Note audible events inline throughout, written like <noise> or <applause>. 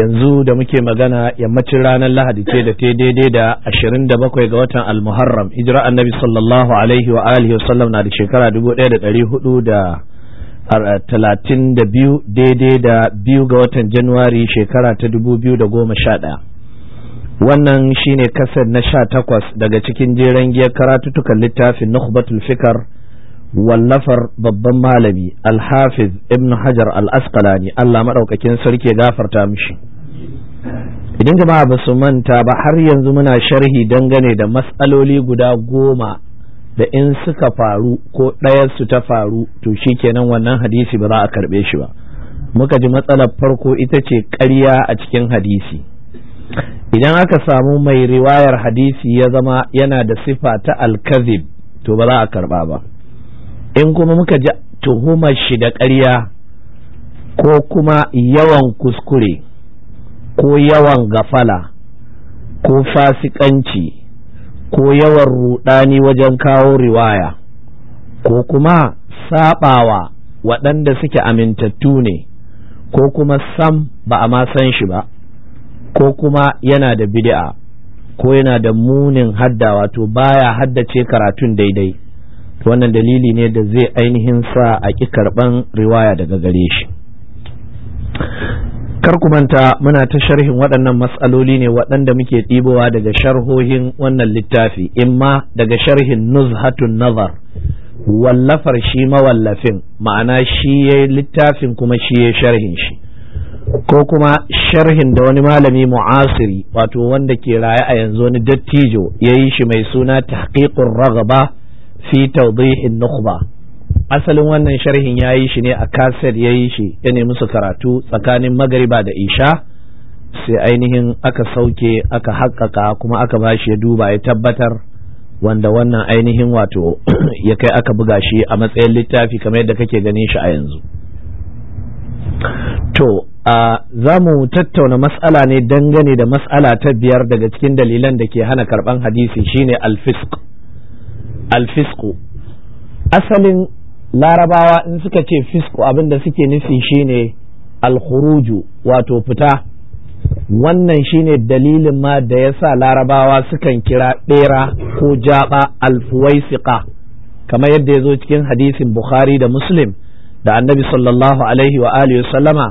yanzu da muke magana yammacin ranar lahadi ce da ta daidai da 27 ga watan almuharram hijira annabi sallallahu alaihi wa alihi wa sallam na da shekara 1432 daidai da biyu ga watan januwari shekara ta 2011 wannan shine kasar na sha 18 daga cikin jeren giyar karatutukan littafin nukhbatul fikar wallafar babban malami alhafiz ibnu hajar al-asqalani Allah maɗaukakin sarki gafarta mishi idan jama'a ba su manta ba har yanzu muna sharhi dangane da matsaloli guda goma da in suka faru ko su ta faru to shi shikenan wannan hadisi ba za a karɓe shi ba muka ji matsalar farko ita ce ƙarya a cikin hadisi idan aka samu mai riwayar hadisi ya zama yana da sifa ta alkazib to ba za a karɓa ba in kuma muka ji tuhumar shi da ƙarya ko kuma yawan kuskure ko yawan gafala ko fasikanci ko yawan rudani wajen kawo riwaya ko kuma saɓawa waɗanda suke amintattu ne ko kuma sam ba a ma san shi ba ko kuma yana da bid'a ko yana da munin hadda wato baya haddace karatun daidai wannan dalili ne da zai ainihin sa a ƙi karɓan riwaya daga gare shi kar ku manta muna ta sharhin waɗannan matsaloli ne waɗanda muke ɗibowa daga sharhohin wannan littafi imma daga sharhin nuzhatun nazar wallafar shi mawallafin ma'ana shi ya littafin kuma shi ya sharhin shi ko kuma sharhin da wani malami mu'asiri wato wanda ke raye a yanzu wani dattijo ya yi shi mai suna tahqiqur ragaba fi tawdihin nukhba asalin wannan sharhin ya yi shi ne a kaset ya yi shi ya nemi su karatu tsakanin magariba da isha sai ainihin aka sauke aka haƙƙaƙa kuma aka ba shi ya duba ya tabbatar wanda wannan ainihin wato <clears throat> ya kai aka buga shi a matsayin littafi kamar yadda kake ganin shi a yanzu to za mu tattauna matsala ne dangane da matsala ta biyar daga cikin dalilan da ke hana karɓan hadisi shine alfisku asalin larabawa in suka ce fisku abinda suke nufi shine alkhuruju wato fita wannan shine dalilin ma da ya sa larabawa sukan kira dera ko jaɓa alfuwaisiqa kamar yadda ya zo cikin hadisin bukhari da muslim da annabi sallallahu alaihi wa alihi wasallama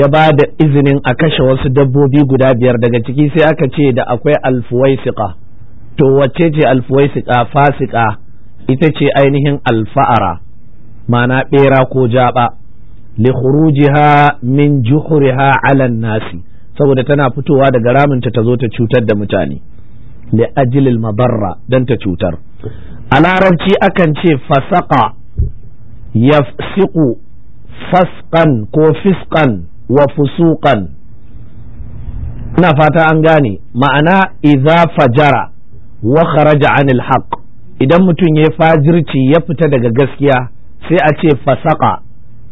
ya ba da izinin a kashe wasu dabbobi guda biyar daga ciki sai aka ce da akwai alfuwaisiqa to wacce ce alfuwaisiqa fasika ita ce ainihin alfa'ara ma'ana bera ko jaba li khurujiha min juhriha ala nasi saboda tana fitowa daga raminta ta zo ta cutar da mutane li al mabarra dan ta cutar a larabci akan ce ya yafsiqu fasqan ko fisqan wa fusuqan ina fata an gane ma'ana idza fajara wa kharaja anil haqq idan mutum ya fajirci ya fita daga gaskiya sai a ce fasaka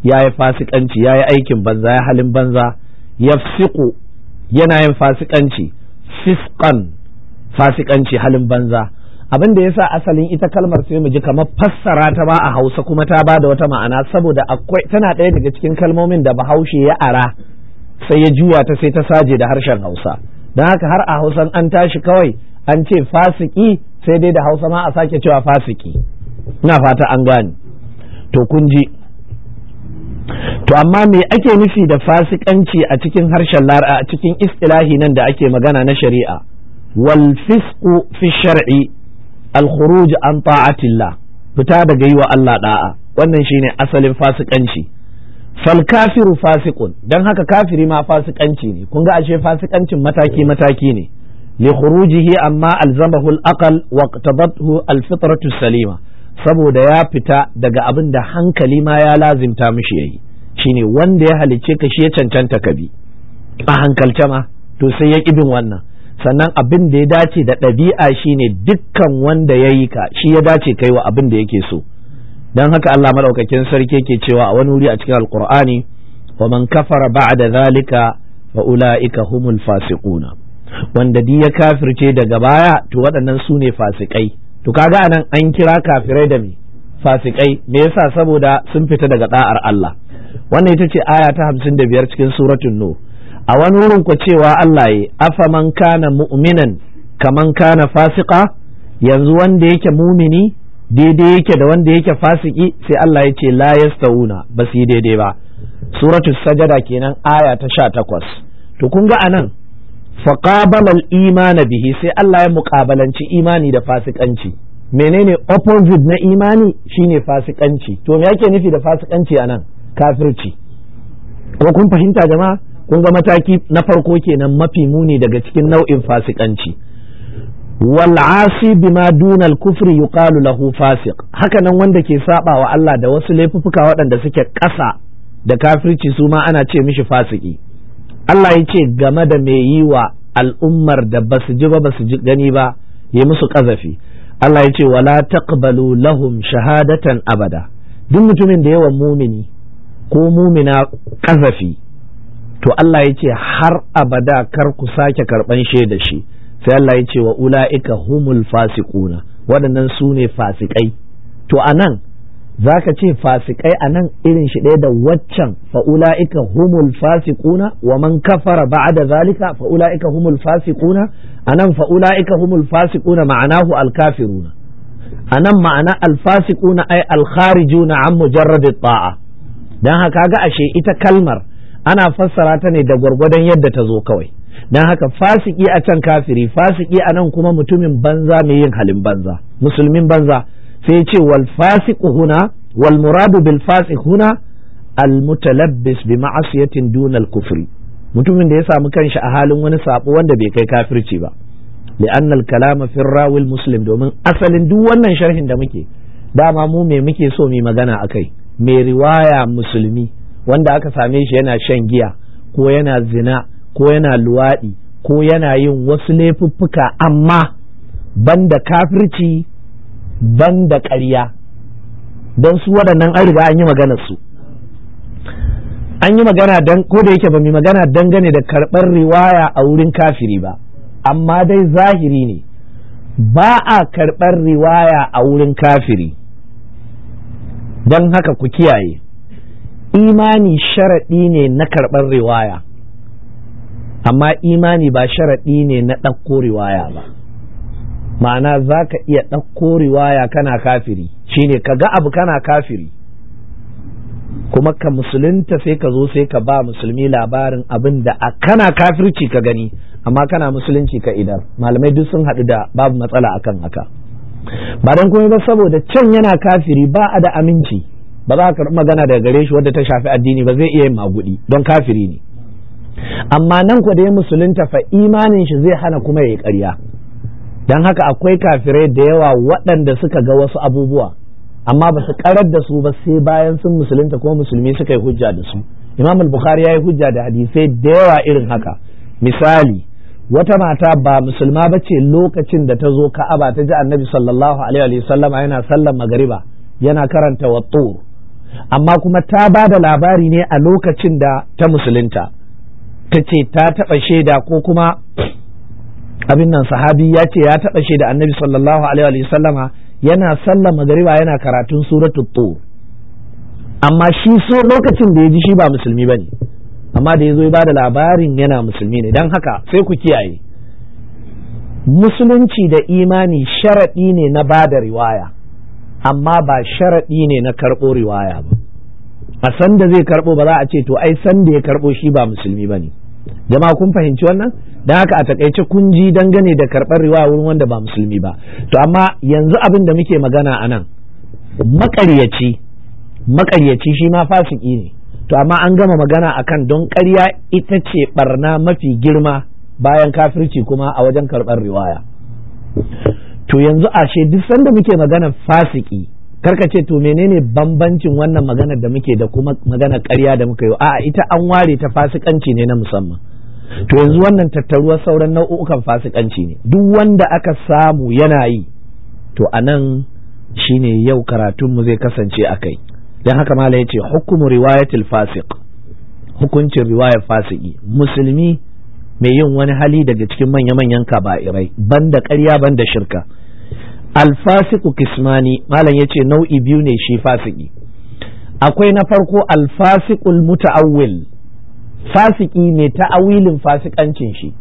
ya yi fasikanci ya yi aikin banza ya halin banza ya fisiku yana yin fasikanci fiskan fasikanci halin banza abin da sa asalin ita kalmar sai mu ji kamar fassara ta ba a hausa kuma ta ba da wata ma'ana saboda akwai tana ɗaya daga cikin kalmomin da bahaushe ya ara sai ya juwa ta sai ta saje da harshen hausa don haka har a hausan an tashi kawai an ce fasiki sai dai da hausa ma a sake cewa fasiki ina fata an gane to kun ji to amma me ake nufi da fasikanci a cikin harshen lara a cikin istilahi nan da ake magana na shari'a wal fisqu fi shar'i al khuruj an ta'atillah fita daga yi wa Allah da'a wannan shine asalin fasikanci fal kafiru fasiqun dan haka kafiri ma fasikanci ne kun ga ashe fasikancin mataki mataki ne li khurujihi amma alzamahu al aqal wa iqtadathu al fitratu salima saboda ya fita daga abin da hankali ma ya lazimta mishi yayi shine wanda ya halicce ka shi ya cancanta ka bi a hankalce ma to sai ya wannan sannan abin da ya dace da ɗabi'a shine dukkan wanda ya yi ka shi ya dace kai wa abin da yake so don haka Allah maɗaukakin sarki yake cewa a wani wuri a cikin alkur'ani wa man kafara ba'da zalika fa ula'ika humul fasiquna wanda di ya kafirce daga baya to waɗannan su ne fasikai to kaga anan an kira kafirai da mi fasikai me yasa saboda sun fita daga da'ar Allah wannan ita ce aya ta hamsin da biyar cikin suratul nu a wani wurin ku cewa Allah ya afaman kana mu'minan kaman kana fasika yanzu wanda yake mumini daidai yake da wanda yake fasiki sai Allah ya ce la yastawuna ba su yi daidai ba suratul sajada kenan aya ta 18 to kun ga anan faqabala al-iman bihi sai Allah ya muƙabalanci imani da fasikanci menene opposite na imani shine fasikanci to me yake nufi da fasikanci anan kafirci ko kun fahimta jama'a kun ga mataki na farko kenan mafi muni daga cikin nau'in fasikanci wal asi bima duna al kufri yuqalu lahu fasiq haka nan wanda ke saba wa Allah da wasu laifuffuka waɗanda suke ƙasa da kafirci su ma ana ce mishi fasiki Allah ya ce game da mai yi wa al'ummar da ba su ji ba ba su gani ba ya musu ƙazafi Allah ya ce wala taqbalu lahum shahadatan abada duk mutumin da yawan mumini ko mumina ƙazafi to Allah ya ce har abada kar ku sake karɓan shaida shi sai Allah ya ce wa ula'ika humul fasiquna waɗannan su ne fasikai to anan za ka ce fasikai a nan irin shi ɗaya da waccan fa'ula'ika humul fasikuna wa man kafara da zalika fa'ula'ika humul fasikuna a nan fa'ula'ika humul fasikuna ma'anahu alkafiruna a nan ma'ana alfasikuna ai alkharijuna an mujarradi ta'a dan haka ga ashe ita kalmar ana fassara ta ne da gwargwadon yadda ta zo kawai dan haka fasiki a can kafiri fasiki a nan kuma mutumin banza mai yin halin banza musulmin banza sai ce wal fasiqu huna wal muradu bil fasiq huna al mutalabbis bi ma'asiyatin duna al kufri mutumin da ya samu kanshi a halin wani sabo wanda bai kai kafirci ba anna al kalam fi rawil muslim domin asalin duk wannan sharhin da muke dama mu me muke so mu magana akai mai riwaya musulmi wanda aka same shi yana shan giya ko yana zina ko yana luwaɗi ko yana yin wasu laifuffuka amma banda kafirci ban da ƙarya don su waɗannan an riga an yi maganar su an yi magana don ko da yake ba mai magana dangane da karɓar riwaya a wurin kafiri ba amma dai zahiri ne ba a karɓar riwaya a wurin kafiri don haka ku kiyaye imani sharaɗi ne na karɓar riwaya amma imani ba sharaɗi ne na ɗauko riwaya ba ma'ana za ka iya ɗauko riwaya kana kafiri shine ka ga abu kana kafiri kuma ka musulunta sai ka zo sai ka ba musulmi labarin abin da a kana kafirci ka gani amma kana musulunci ka idan. malamai duk sun haɗu da babu matsala akan haka ba don kuma ba saboda can yana kafiri ba a da aminci ba za ka magana daga gare shi wadda ta shafi addini ba zai iya yin magudi don kafiri ne amma nan ku da ya musulunta fa imanin shi zai hana kuma ya yi karya. don haka akwai kafirai da yawa waɗanda suka ga wasu abubuwa amma ba su karar da su ba sai bayan sun musulunta kuma musulmi suka yi hujja da su imam al-bukhari ya yi hujja da hadisai da yawa irin haka misali wata mata ba musulma bace lokacin da ta zo ka'aba ta ji annabi sallallahu alaihi wa sallam yana sallan magariba yana karanta wattur amma kuma ta ba da labari ne a lokacin da ta musulunta ta ce ta taɓa shaida ko kuma abin nan sahabi ya ce ya taɓa shaida annabi sallallahu alaihi wa sallama yana sallar magariba yana karatun suratul tur amma shi so lokacin da ya ji shi ba musulmi bane amma da ya zo ya bada labarin yana musulmi ne dan haka sai ku kiyaye musulunci da imani sharaɗi ne na bada riwaya amma ba sharaɗi ne na karɓo riwaya ba a san da zai karɓo ba za a ce to ai san da ya karɓo shi ba musulmi bane jama'a kun fahimci wannan don haka a takaice kun ji dangane da karɓar riwaya wurin wanda ba musulmi ba to amma yanzu abin da muke magana a nan makaryaci makaryaci shi ma fasiki ne to amma an gama magana akan don ƙarya ita ce barna mafi girma bayan kafirci kuma a wajen karɓar riwaya to yanzu ashe duk sanda muke magana fasiki karka ce to menene bambancin wannan maganar da muke da kuma maganar ƙarya da muka yi a'a ita an ware ta fasikanci ne na musamman to yanzu wannan tattaruwar sauran nau'ukan fasikanci ne duk wanda aka samu yana yi to anan shine yau karatunmu zai kasance a kai don haka mala ya ce hukumu riwayatul fasik. hukuncin riwayar fasiki musulmi mai yin wani hali daga cikin manya-manyan kaba'irai banda ƙarya banda shirka alfasiku kismani malam yace nau'i biyu ne shi fasiki akwai na farko alfasikul muta'awwil fasiki ne ta'awilin fasikancin shi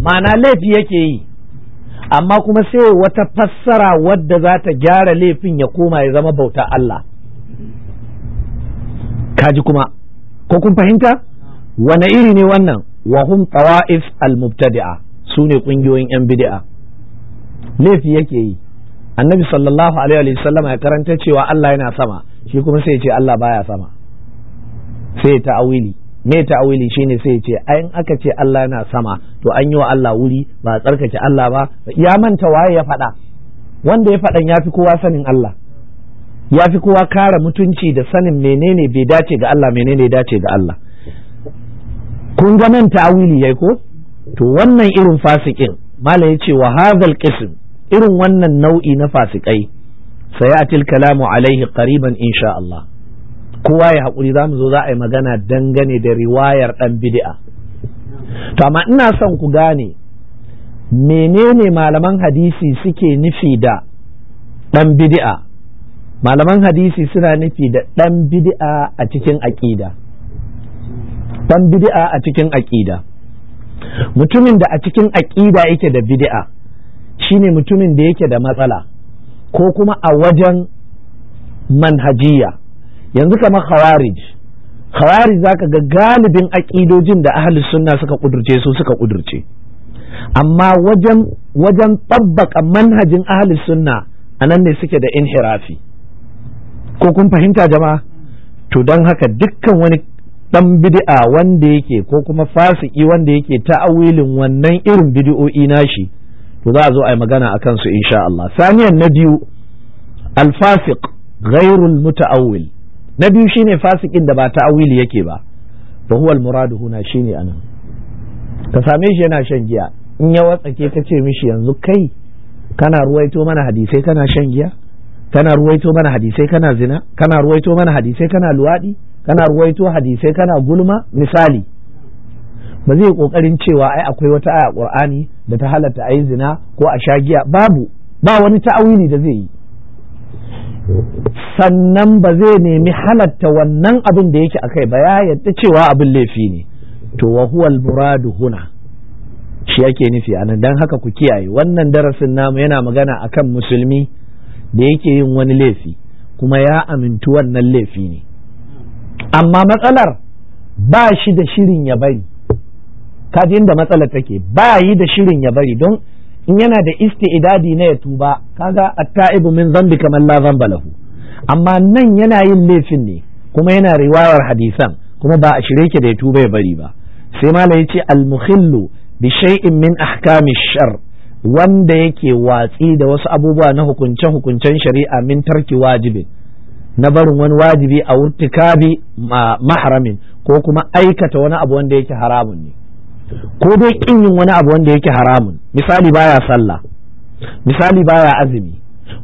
ma'ana laifi yake yi amma kuma sai wata fassara wadda za ta gyara laifin ya koma ya zama bauta Allah kaji kuma ko kun fahimta wane iri ne wannan wahum tawa'if al-mubtadi'a su ne ƙungiyoyin 'yan bid'a laifi yake yi annabi sallallahu alaihi wa sallam ya karanta cewa Allah yana sama shi kuma sai ya ce Allah baya sama sai ta ta'awili me ta'awili shine sai ya ce ayin aka ce Allah yana sama to an yi wa Allah wuri ba tsarkake Allah ba ya manta waye ya faɗa wanda ya faɗan ya fi kowa sanin Allah ya fi kowa kare mutunci da sanin menene bai dace ga Allah menene dace ga Allah kun ga nan ta'awili yayi ko to wannan irin fasikin Malam ya ce wa hadhal qism irin wannan nau'i na fasikai sai sayatil kalamu alaihi qariban insha Allah kowa ya haƙuri za mu zo za a yi magana dangane da riwayar ɗan bid'a to amma ina son ku gane menene malaman hadisi suke nufi da ɗan bid'a malaman hadisi suna nufi da ɗan bid'a a cikin aƙida ɗan bid'a a cikin aƙida mutumin da a cikin aƙida yake da bid'a Shi ne mutumin da yake da matsala ko kuma a wajen manhajiya yanzu kamar khawarij khawarij zaka ga galibin aƙidojin da ahli sunna suka kudurce su suka kudurce amma wajen wajen tabbaka manhajin ahli sunna anan ne suke da inhirafi ko kun fahimta jama'a to don haka dukkan wani ɗan bid'a wanda yake ko kuma fasiki wanda yake ta'awilin wannan irin bid'o'i nashi to za a zo a yi magana a kansu insha Allah saniyan na biyu alfasiq ghairul muta'awwil na biyu ne fasikin da ba ta'awil yake ba ba huwa almuradu huna ne anan ka same shi yana shan giya in ya watsake ka ce mishi yanzu kai kana ruwaito mana hadisai kana shan giya kana ruwaito mana hadisai kana zina kana ruwaito mana hadisai kana luwaɗi kana ruwaito hadisai kana gulma misali ba zai kokarin cewa ai akwai wata aya ƙur'ani da ta halatta a yi zina ko a sha giya babu ba wani ta'awili da zai yi sannan ba zai nemi halatta wannan abin da yake kai ba ya yadda cewa abin laifi ne to wa huwal muradu huna shi yake nufi anan dan haka ku kiyaye wannan darasin namu yana magana akan musulmi da yake yin wani laifi kuma ya amintu wannan laifi ne amma matsalar ba shi da shirin ya bari ka ji inda matsalar take ba yi da shirin ya bari don in yana da isti'dadi na ya tuba kaga at-ta'ibu min zambi kamar la zamba lahu amma nan yana yin laifin ne kuma yana riwayar hadisan kuma ba a shirye ki da ya tuba ya bari ba sai malam ce al-mukhillu bi shay'in min ahkami shar wanda yake watsi da wasu abubuwa na hukunce-hukuncen shari'a min tarki wajibin na barin wani wajibi a wurtikabi mahramin ko kuma aikata wani abu wanda yake haramun ne ko dai kin yin wani abu wanda yake haramun misali baya sallah misali baya azumi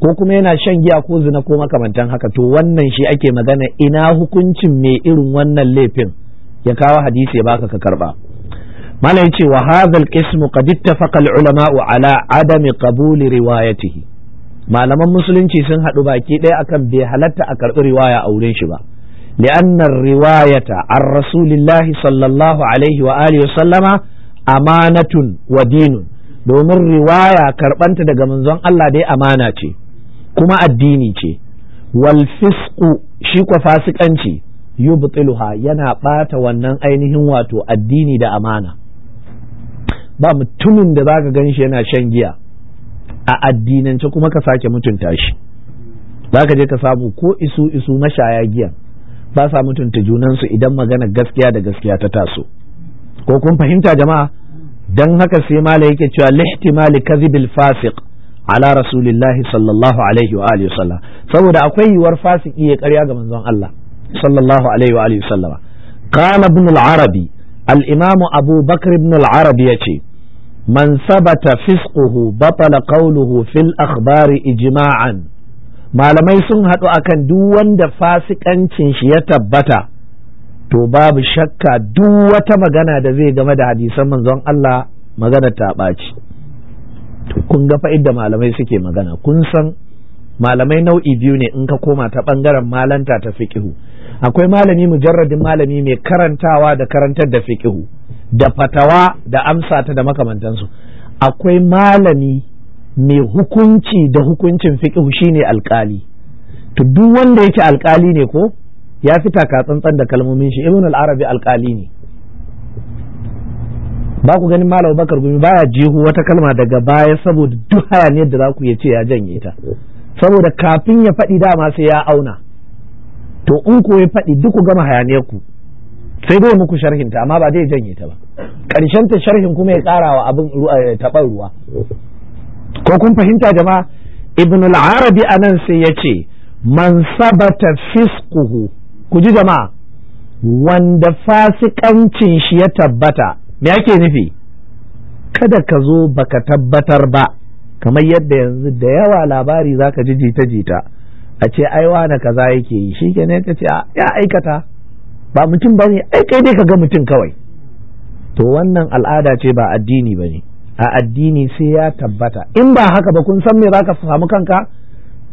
ko kuma yana shan giya ko zina ko makamantan haka to wannan shi ake magana ina hukuncin mai irin wannan laifin ya kawo hadisi ya baka ka karba ya ce wa hadha al-qism qad ittafaqa al-ulama ala adam qabul riwayatihi malaman musulunci sun haɗu baki ɗaya akan bai halatta a karɓi riwaya a wurin shi ba لأن الرواية عن رسول الله صلى الله عليه وآله وسلم أمانة ودين domin riwaya karɓanta daga manzon Allah dai amana ce kuma addini ce wal fisqu shi kwa fasikanci yubtiluha yana ɓata wannan ainihin wato addini da amana ba mutumin da zaka ganshi yana shan giya a addinance kuma ka sake mutunta shi zaka je ka samu ko isu isu mashaya giyan ba sa mutunta junansu idan magana gaskiya da gaskiya ta taso ko kun fahimta jama'a dan haka sai mala yake cewa lihtimali kadhibil fasiq ala rasulillahi sallallahu alaihi wa alihi wasallam saboda akwai yiwuwar fasiki ya karya ga manzon Allah sallallahu alaihi wa alihi wasallam qala ibn al-arabi al-imam abu bakr ibn al-arabi yace man sabata fisquhu batala qawluhu fil akhbari ijma'an malamai sun haɗu akan duk wanda fasikancin shi ya tabbata to babu shakka duk wata magana da zai game da hadisan manzon Allah magana ta ɓaci to kun ga fa'id malamai suke magana kun san malamai nau'i biyu ne in ka koma ta ɓangaren malanta ta fiƙihu akwai malami mujarradin malami mai karantawa da karantar da fiƙihu da fatawa da amsa ta da makamantansu akwai malami mai hukunci da hukuncin shi shine alƙali? to duk wanda yake alƙali ne ko ya fi taka tsantsan da kalmomin shi ibn al-arabi alkali ne ba ku ganin malam bakar gumi baya jihu wata kalma daga baya saboda duk hayaniyar da za ku ya ce ya janye ta saboda kafin ya faɗi dama sai ya auna to in ko ya faɗi duk ku gama hayaniyar ku sai dai muku sharhin ta amma ba zai janye ta ba ƙarshen ta sharhin kuma ya ƙara wa abin taɓar ruwa ko kun fahimta jama'a ibn al-arabi anan sai yace man sabata fisquhu ku ji jama'a wanda fasikancin shi ya tabbata me yake nufi kada ka zo baka tabbatar ba kamar yadda yanzu da yawa labari zaka ji jita jita a ce ai wane kaza yake yi shi kenan ka ce ya aikata ba mutum bane ai kai dai ka ga mutum kawai to wannan al'ada ce ba addini bane a addini sai ya tabbata in ba haka ba kun san me za ka samu kanka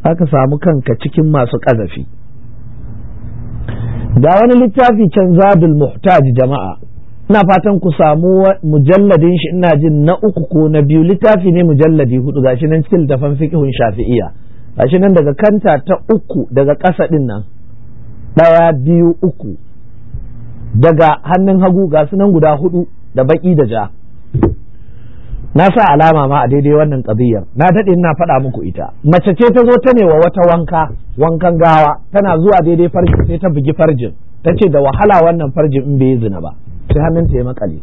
za ka samu kanka cikin masu ƙazafi da wani littafi can zabil muhtaj jama'a ina fatan ku samu mujalladin shi ina jin na uku ko na biyu littafi ne mujalladi hudu gashi nan cikin littafin fiqhun shafi'iyya gashi nan daga kanta ta uku daga ƙasa din nan ɗaya biyu uku daga hannun hagu ga nan guda hudu da baki da ja na sa alama ma a daidai wannan ƙabiyar na daɗe na faɗa muku ita mace ce ta zo ta ne wa wata wanka wankan gawa tana zuwa daidai farjin sai ta bugi farjin ta ce da wahala wannan farjin in bai zina ba sai hannunta ya makale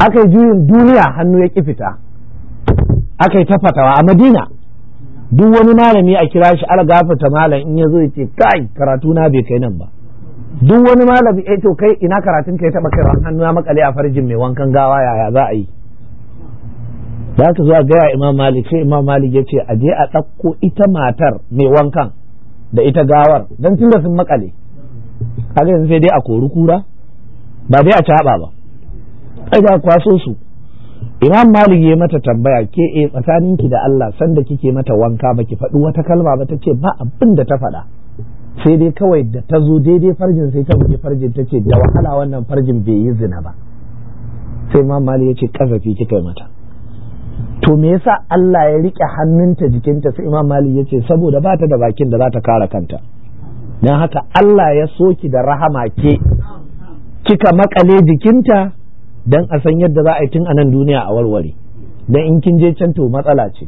aka yi juyin duniya hannu ya ƙi fita aka yi tafatawa a madina duk wani malami a kira shi algafata malam in ya zo ya ce kai karatu na bai kai nan ba duk wani malami eh to kai ina karatun ka ya taba kai hannu ya makale a farjin mai wankan gawa yaya za a yi za ka zo a gaya imam malik sai imam malik ya ce a je a ɗauko ita matar mai wankan da ita gawar don tunda sun makale kaga yanzu sai dai a kori kura ba dai a caɓa ba ai da kwaso su imam malik ya mata tambaya ke eh tsakaninki da Allah sanda kike mata wanka baki faɗi wata kalma ba ta ce ba abin da ta faɗa sai dai kawai da ta zo daidai farjin sai ta buge farjin ta ce da wahala wannan farjin bai yi zina ba sai ma mali ya ce kazafi kika yi mata to me yasa Allah ya rike hannunta jikinta sai Imam Malik yace saboda ba ta da bakin da za ta kare kanta dan haka Allah ya soki da rahama ke kika makale jikinta dan a san yadda za a yi tun a nan duniya a warware dan in kin je can to matsala ce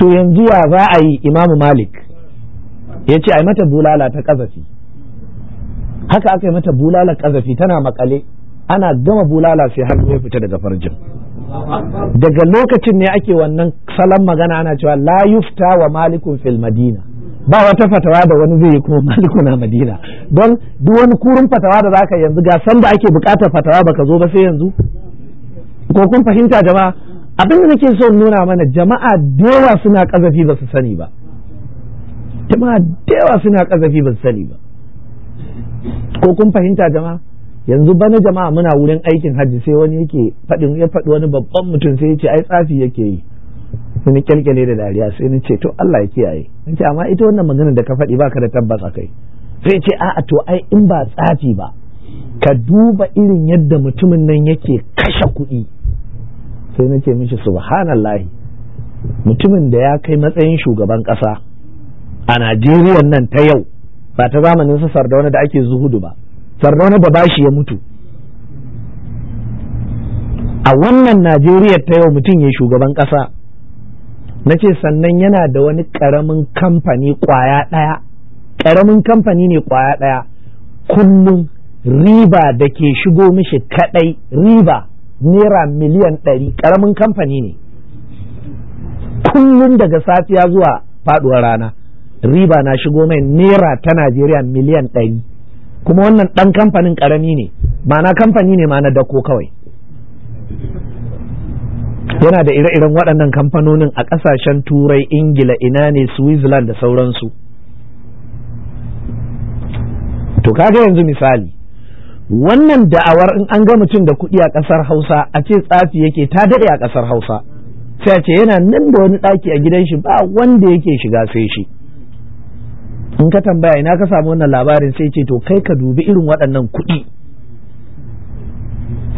to yanzu wa za a yi Imam Malik ya ce ai mata bulala ta kazafi haka aka yi mata bulala kazafi tana makale ana gama bulala sai har ya fita daga farjin daga lokacin ne ake wannan salon magana ana cewa la yufta wa malikun fil madina ba wata fatawa da wani zai yi kuma malikun a madina don duk wani kurin fatawa da zaka yanzu ga sanda ake bukatar fatawa baka zo ba sai yanzu ko kun fahimta jama'a abinda da nake so nuna mana jama'a da suna kazafi ba su sani ba jama'a da yawa suna kazafi ba su sani ba ko kun fahimta jama'a yanzu bana jama'a muna wurin aikin hajji sai wani yake faɗin ya faɗi wani babban mutum sai ya ce ai tsafi yake yi sai kyalkyale da dariya sai ni ce to Allah ya kiyaye in ce amma ita wannan magana da ka faɗi baka da tabbas akai sai ce a'a to ai in ba tsafi ba ka duba irin yadda mutumin nan yake kashe kuɗi sai na ce mishi subhanallahi mutumin da ya kai matsayin shugaban ƙasa a Najeriya nan ta yau ba ta zamanin su sardauna da ake zuhudu ba sardauna ba bashi ya mutu a wannan Najeriya ta yau mutum ya shugaban ƙasa na ce sannan yana da wani ƙaramin kamfani ƙwaya ɗaya ƙaramin kamfani ne ƙwaya ɗaya kullum riba da ke shigo mishi kaɗai riba naira miliyan ɗari ƙaramin kamfani ne kullum daga safiya zuwa faɗuwar rana riba na shigo mai naira ta najeriya miliyan ɗari kuma wannan ɗan kamfanin ƙarami ne ma'ana kamfani ne ma na dako kawai yana da ire-iren waɗannan kamfanonin a ƙasashen turai ingila ina ne switzerland da sauransu to kaga yanzu misali wannan da'awar in an ga mutum da kuɗi a ƙasar hausa a ce tsafi yake ta daɗe a ƙasar hausa sai a ce yana nan da wani ɗaki a gidan shi ba wanda yake shiga sai shi in ka tambaya ina ka samu wannan labarin sai ce to kai ka dubi irin waɗannan kuɗi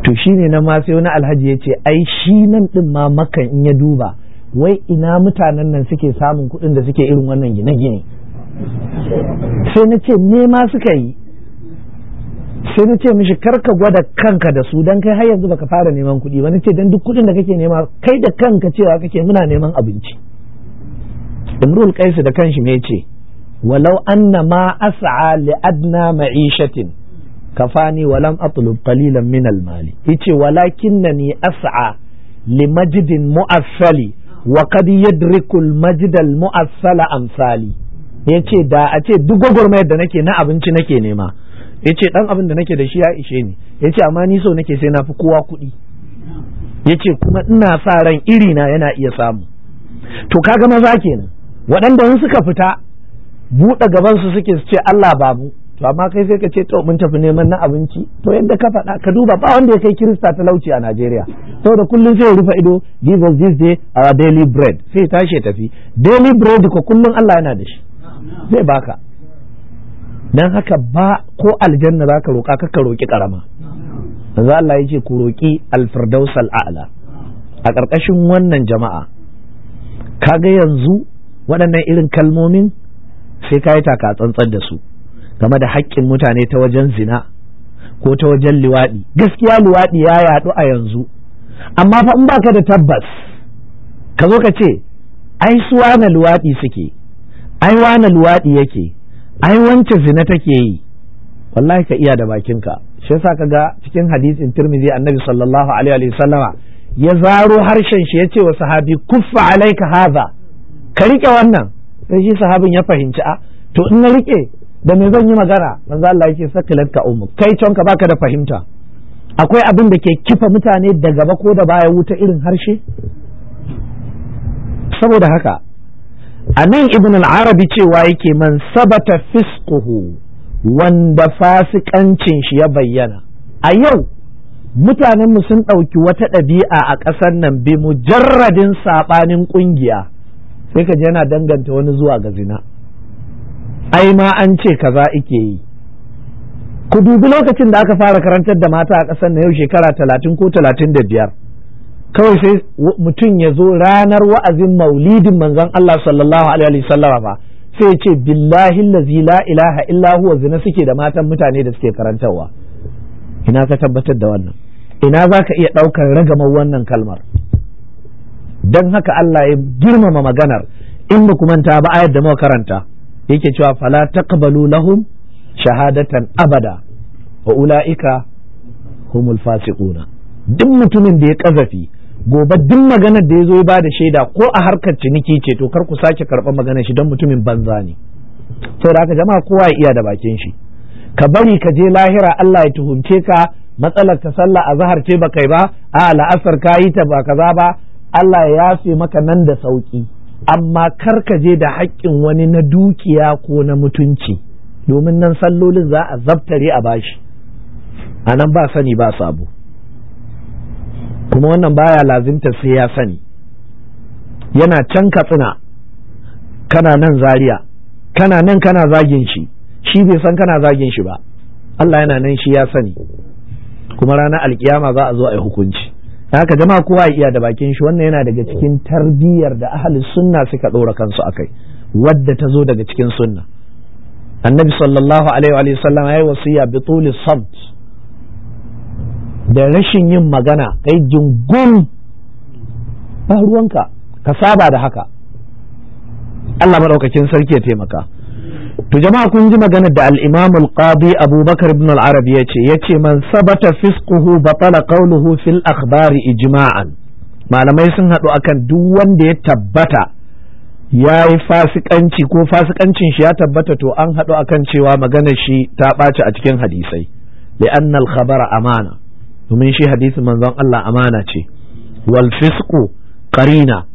to shine na ma sai wani alhaji ya ce ai shi nan ɗin ma makan in ya duba wai ina mutanen nan suke samun kuɗin da suke irin wannan gine-gine sai na ce ne suka yi sai na ce mishi karka gwada kanka da su don kai har yanzu baka fara neman kuɗi ba ce don duk kuɗin da kake nema kai da kanka cewa kake muna neman abinci imrul kaisu da kanshi ne ce walau anna ma as'a li adna ma'ishatin kafani أطلب قليلا من min إيتي ولكنني أسعى لمجد as'a li يدرك mu'assali wa أمثالي yace da a ce duk gwagwarmayar da nake na abinci nake nema yace dan abin da nake da shi ya ishe ni yace amma ni so nake sai na fi kowa kuɗi yace kuma ina sa ran iri na yana iya samu to kaga maza kenan waɗanda in suka fita buɗe gabansu suke su ce Allah babu to amma kai sai ka ce to mun tafi neman na abinci to yadda ka faɗa ka duba ba wanda ya kai kirista talauci a Najeriya saboda kullum sai ya rufe ido give us this day our daily bread sai tashi tafi daily bread ko kullum Allah yana da shi zai baka dan haka ba ko aljanna zaka roka ka roki karama za Allah yace ku roki alfirdaus ala a ƙarƙashin wannan jama'a kaga yanzu waɗannan irin kalmomin sai ka yi taka tsantsar da su game da haƙƙin mutane ta wajen zina ko ta wajen luwaɗi. gaskiya luwaɗi ya yaɗu a yanzu amma fa in ba ka da tabbas ka zo ka ce ai su wane luwaɗi suke ai wane luwaɗi yake ai wance zina take yi wallahi ka iya da bakinka shi yasa ka ga cikin hadisin tirmidhi annabi sallallahu alaihi wa sallama ya zaro harshen shi ya ce wa sahabi kuffa alaika haza. ka rike wannan sai shi sahabin ya fahimci a ah, to in na rike da me zan yi magana manzo Allah yake sakilat ka ummu kai tonka baka da fahimta akwai abin da ke kifa mutane da gaba ko da baya wuta irin harshe saboda haka a nan ibn al-arabi cewa yake man sabata fisquhu wanda fasikancin shi ya bayyana a yau mutanenmu sun ɗauki wata ɗabi'a a ƙasar nan bi mujarradin saɓanin ƙungiya sai ka yana danganta wani zuwa ga zina ai ma an ce kaza ike yi ku dubi lokacin da aka fara karantar da mata a ƙasar na yau shekara talatin ko talatin da biyar kawai sai mutum ya zo ranar wa'azin maulidin manzon Allah sallallahu alaihi sallama ba sai ya ce billahi lazi la ilaha illa huwa zina suke da matan mutane da suke karantarwa ina ka tabbatar da wannan ina za ka iya ɗaukar ragamar wannan kalmar dan haka Allah ya girmama maganar in ba ku manta ba ayar da muka karanta yake cewa fala taqbalu lahum shahadatan abada wa ulaika humul fasiquna duk mutumin da ya kazafi gobe duk maganar da ya zo ba da shaida ko a harkar ciniki ce to kar ku sake karɓar maganar shi don mutumin banza ne saboda haka jama'a kowa ya iya da bakin shi ka bari ka je lahira Allah ya tuhumce ka matsalar ta sallah a zahar ce ba kai ba a la'asar ka yi ta ba kaza ba Allah ya yafe maka nan da sauƙi amma kar ka je da haƙƙin wani na dukiya ko na mutunci domin nan sallolin za a zabtare a bashi a nan ba sani ba sabo kuma wannan baya lazimta sai ya sani yana can katsina kana nan zariya, kana nan kana zagin shi shi bai san kana zagin shi ba Allah yana nan shi ya sani kuma ranar alkiyama za a zo a yi hukunci haka jama'a kowa iya da bakin shi wannan yana daga cikin tarbiyyar da ahli sunna suka ɗora kansu akai wadda ta zo daga cikin sunna annabi sallallahu alaihi wa sallam ya wasiya bi tuli sabt da rashin yin magana kai jingun ba ruwanka ka saba da haka Allah madaukakin sarki ya taimaka to jama'a kun ji magana da al-imam al-qadi abubakar ibn al-arabi yace yace man sabata fisquhu batala qawluhu fil akhbari ijma'an malamai sun hadu akan duk wanda ya tabbata ya yi fasikanci ko fasikancin shi ya tabbata to an hadu akan cewa maganar shi ta ɓaci a cikin hadisai li anna al amana domin shi hadisi manzon Allah amana ce wal fisqu qarina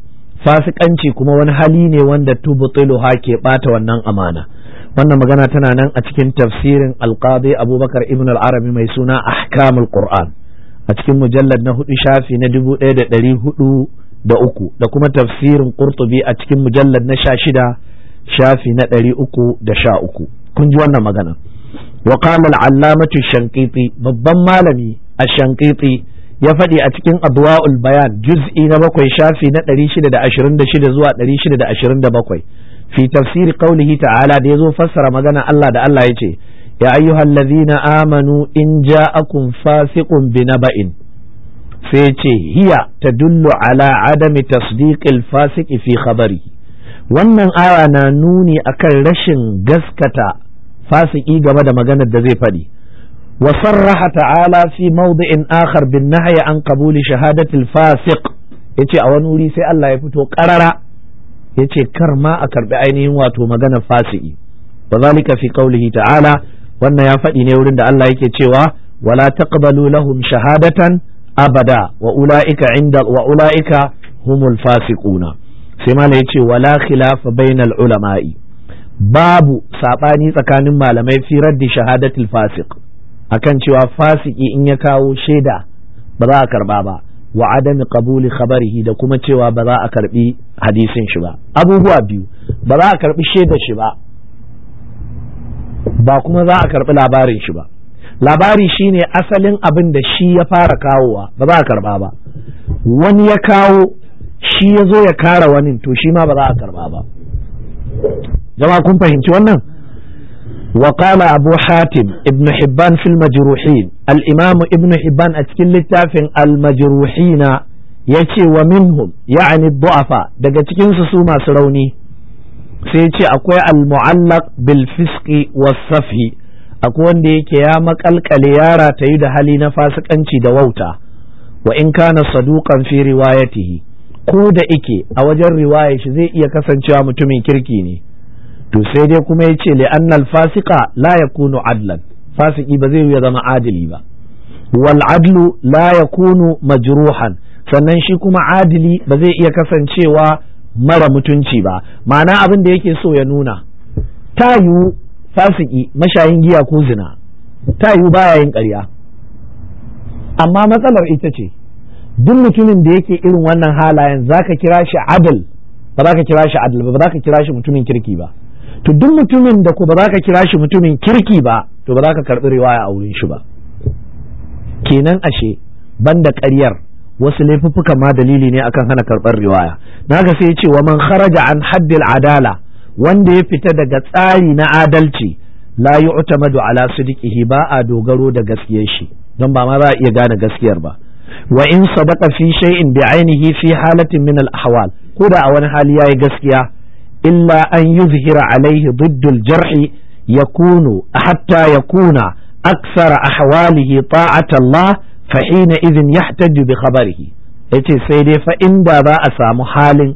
fasikanci kuma wani hali ne wanda tubtilu ha ke bata wannan amana wannan magana tana nan a cikin tafsirin alqadi abubakar ibn al-arabi mai suna ahkamul qur'an a cikin mujallad na hudu shafi na dubu ɗaya da ɗari hudu da uku da kuma tafsirin qurtubi a cikin mujallad na sha shida shafi na ɗari uku da sha uku kun ji wannan magana wa qala al-allamatu shankiti babban malami a shankiti ya faɗi a cikin adwa'ul bayan juz'i na bakwai shafi na ɗari shida da ashirin da shida zuwa ɗari shida da ashirin da bakwai fi tafsiri qaulihi ta'ala da zo fassara magana Allah da Allah yace ya ayyuhal ladhina amanu in ja ja'akum fasiqun binaba'in sai yace hiya tadullu ala adami tasdiqil fasiqi fi khabari wannan aya na nuni akan rashin gaskata fasiki game da maganar da zai faɗi wa sarraha ta'ala fi mawdi'in akhar bin nahyi an qabuli shahadatil fasiq yace a wani wuri sai Allah ya fito qarara yace kar ma a karbi ainihin wato magana fasi'i wa zalika fi qawlihi ta'ala wannan ya faɗi ne wurin da Allah yake cewa wala taqbalu lahum shahadatan abada wa ulaika inda wa ulaika humul fasiquna sai mala yace wala khilafa bainal ulama'i babu sabani tsakanin malamai fi raddi shahadatul fasiq akan cewa fasiki in ya kawo shaida ba za a karba ba wa adami qabuli khabarihi da kuma cewa ba za a karbi hadisin shi ba abubuwa biyu ba za a karbi shaidar shi ba ba kuma za a karbi labarin shi ba labari shine asalin abin da shi ya fara kawowa ba za a karba ba wani ya kawo shi ya zo ya kara wani to shi ma ba za a karba ba jama'a kun fahimci wannan وقال أبو حاتم ابن حبان في المجروحين الإمام ابن حبان أتكل التافن المجروحين يتي ومنهم يعني الضعفاء دقتكين سسوما سروني سيتي أقوى المعلق بالفسق والصفه أقوى ديك يا مكالك ليارة تيد هلي نفاسك أنت دووتا وإن كان صدوقا في روايته ko da ike a wajen riwaya shi zai iya kasancewa mutumin kirki ne to sai dai kuma ya ce li'annal fasika la yakunu adlan fasiki ba zai ya zama adili ba wal adlu la kunu majruhan sannan shi kuma adili ba zai iya kasancewa mara mutunci ba ma'ana abin da yake so ya nuna ta fasiki mashayin giya ko zina ta yiwu baya yin ƙarya amma matsalar ita ce duk mutumin da yake irin wannan halayen zaka kira shi adil ba za ka kira shi adil ba za ka kira shi mutumin kirki ba to duk mutumin da ku ba za ka kira shi mutumin kirki ba to ba za ka karɓi riwaya a wurin shi ba kenan ashe banda ƙaryar wasu laifuffuka ma dalili ne akan hana karɓar riwaya naga sai ce wa man kharaja an haddil adala wanda ya fita daga tsari na adalci la yu'tamadu ala sidqihi ba a dogaro da gaskiyar shi don ba ma za a iya gane gaskiyar ba wa in sadaqa fi shay'in bi ainihi fi halatin min al ahwal ko da a wani hali yayi gaskiya illa an yuzhira alaihi diddul jar'i yakunu hatta yakuna aksara ahwalihi ta'atallah fa hina idhin yahtaju bi khabarihi yace sai dai fa in ba za a samu halin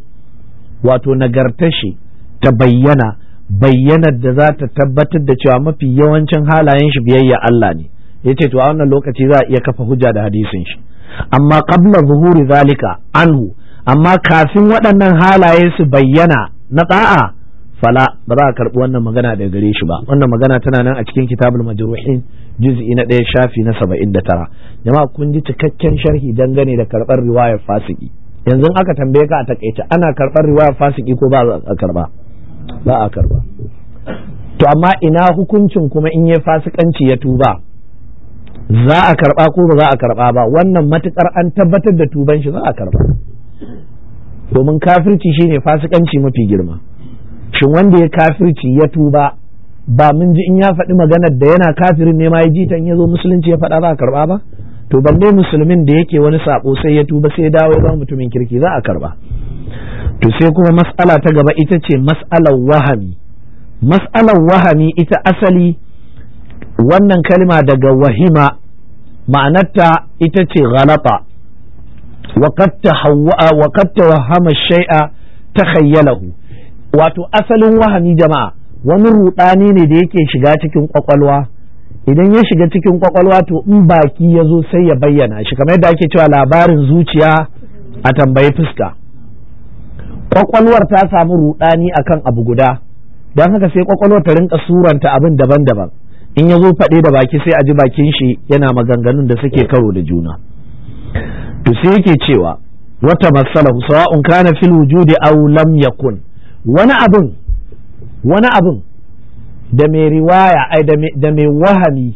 wato nagartashi ta bayyana bayyanar da za ta tabbatar da cewa mafi yawancin halayen shi biyayya Allah ne yace to a wannan lokaci za a iya kafa hujja da hadisin shi amma qabla zuhuri zalika anhu amma kafin waɗannan halaye su bayyana na ƙa'a fala ba za a karɓi wannan magana daga gare shi ba wannan magana tana nan a cikin kitabul majruhin juz'i na ɗaya shafi na saba'in da tara jama'a kun ji cikakken sharhi dangane da karɓar riwayar fasiki yanzu aka tambaye ka a takaice ana karɓar riwayar fasiki ko ba a karɓa ba a karɓa to amma ina hukuncin kuma in yi fasikanci ya tuba za a karɓa ko ba za a karɓa ba wannan matukar an tabbatar da tuban shi za a karɓa domin kafirci shine fasikanci mafi girma shin wanda ya kafirci ya tuba ba mun ji in ya faɗi maganar da yana kafirin ne ma ya in ya zo musulunci ya faɗa ba a karɓa ba to balle musulmin da yake wani saƙo sai ya tuba sai dawo ba mutumin kirki za a karɓa to sai kuma mas'ala ta gaba ita ce mas'alar wahami mas'alar wahami ita asali wannan kalma daga wahima ma'anarta ita ce ghalata wa qad tawahhama shay'a takhayyalahu wato asalin wahami jama'a wani rudani ne da yake shiga cikin kwakwalwa idan ya shiga cikin kwakwalwa to in baki ya zo sai ya bayyana shi kamar yadda ake cewa labarin zuciya a tambayi fuska kwakwalwar ta samu rudani akan abu guda don haka sai kwakwalwar ta rinka suranta abin daban-daban in ya zo faɗe da baki sai a ji bakin shi yana maganganun da suke karo da juna to sai yake cewa wata masalahu sawa'un kana fil wujudi aw lam yakun wani abin wani abin da mai riwaya ai da mai wahami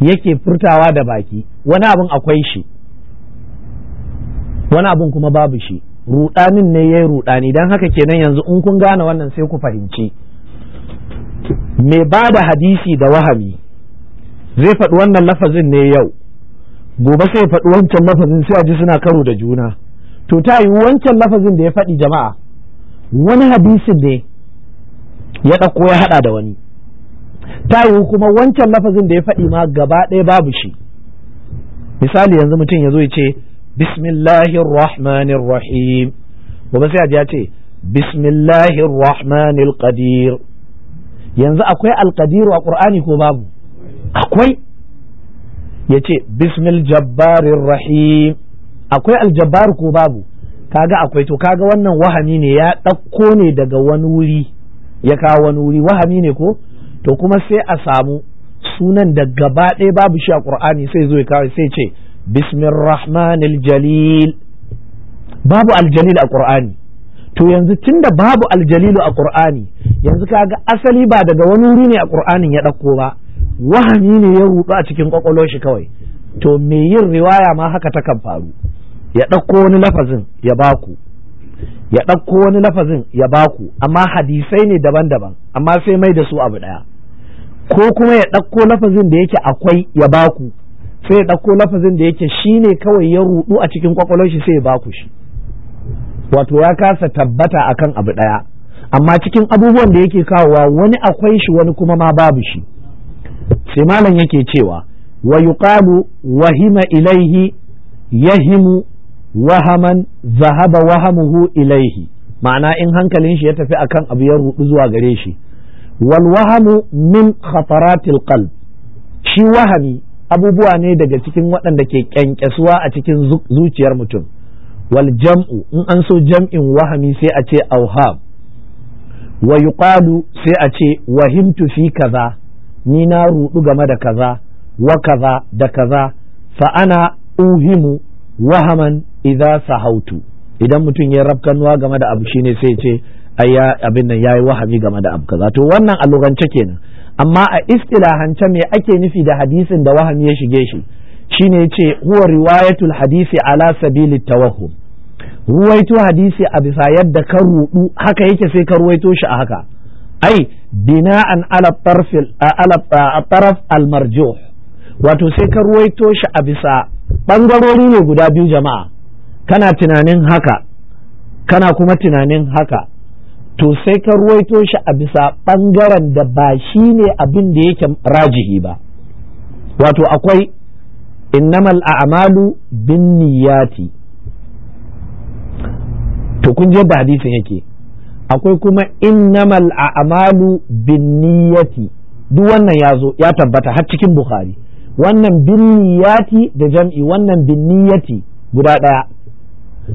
yake furtawa da baki wani abin akwai shi wani abin kuma babu shi rudanin ne yayi rudani dan haka kenan yanzu in kun gane wannan sai ku fahimci mai bada hadisi da wahami zai faɗi wannan lafazin ne yau gobe sai faɗi wancan lafazin sai a ji suna karo da juna to ta yi wancan lafazin da ya faɗi jama'a wani hadisin ne ya ɗauko ya haɗa da wani ta yi kuma wancan lafazin da ya faɗi ma gaba ɗaya babu shi misali yanzu mutum ya zo ya ce bismillahirrahmanirrahim gobe sai a ji ya ce bismillahir yanzu akwai alqadiru a ƙur'ani ko babu akwai ya ce bismil jabbarin rahim akwai aljabbar ko babu kaga akwai to kaga wannan wahami ne ya ɗauko ne daga wani wuri ya kawo wani wuri wahami ne ko to kuma sai a samu sunan da gaba ɗaya babu shi a ƙur'ani sai zo ya kawo sai ce bismir rahmanil jalil babu aljalil a ƙur'ani to yanzu tunda babu aljalilu a ƙur'ani yanzu kaga asali ba daga wani wuri ne a ƙur'anin ya ɗauko ba wahani ne ya rudu a cikin kwakwalon shi kawai to me yin riwaya ma haka takan faru ya ɗauko wani lafazin ya baku ya ɗauko wani lafazin ya baku amma hadisai ne daban-daban amma sai mai da su abu ɗaya ko kuma ya ɗauko lafazin da yake akwai ya baku sai ya ɗauko lafazin da yake shi ne kawai ya rudu a cikin kwakwalon shi sai ya baku shi wato ya kasa tabbata akan abu ɗaya amma cikin abubuwan da yake kawowa wani akwai shi wani kuma ma babu shi sai malam yake cewa wa yuqalu wahima ilaihi yahimu wahaman zahaba wahamuhu ilaihi ma'ana in hankalin shi ya tafi akan abu ya rudu zuwa gare shi wal wahamu min khataratil qalb shi wahami abubuwa ne daga cikin waɗanda ke kyankyasuwa a cikin zuciyar mutum wal jam'u in an so jam'in wahami sai a ce auham wa yuqalu sai a ce wahimtu fi kaza ni na ruɗu game da kaza wa kaza da kaza fa ana uhimu wahaman idza sahautu idan mutum ya rafkanuwa game da abu shine sai ce ai abin nan yayi wahami game da abu kaza to wannan a lugance kenan amma a istilahance me ake nufi da hadisin da wahami ya shige shi shine yace huwa riwayatul hadisi ala sabilit tawahhum ruwaito hadisi a bisa yadda ka rudu haka yake sai ka ruwaito shi a haka ai الطرف على الطرف almarjo wato sai ka ruwaito shi a bisa ɓangarori ne guda biyu jama'a kana tunanin haka kana kuma tunanin haka to sai ka ruwaito shi a bisa ɓangaren da ba shi ne abin da yake rajihi ba wato akwai innamal a'malu bin niyati to kun je da hadisin yake akwai kuma innamal a'malu binniyati duk wannan ya zo ya tabbata har cikin bukhari wannan binniyati da jam'i wannan binniyati guda ɗaya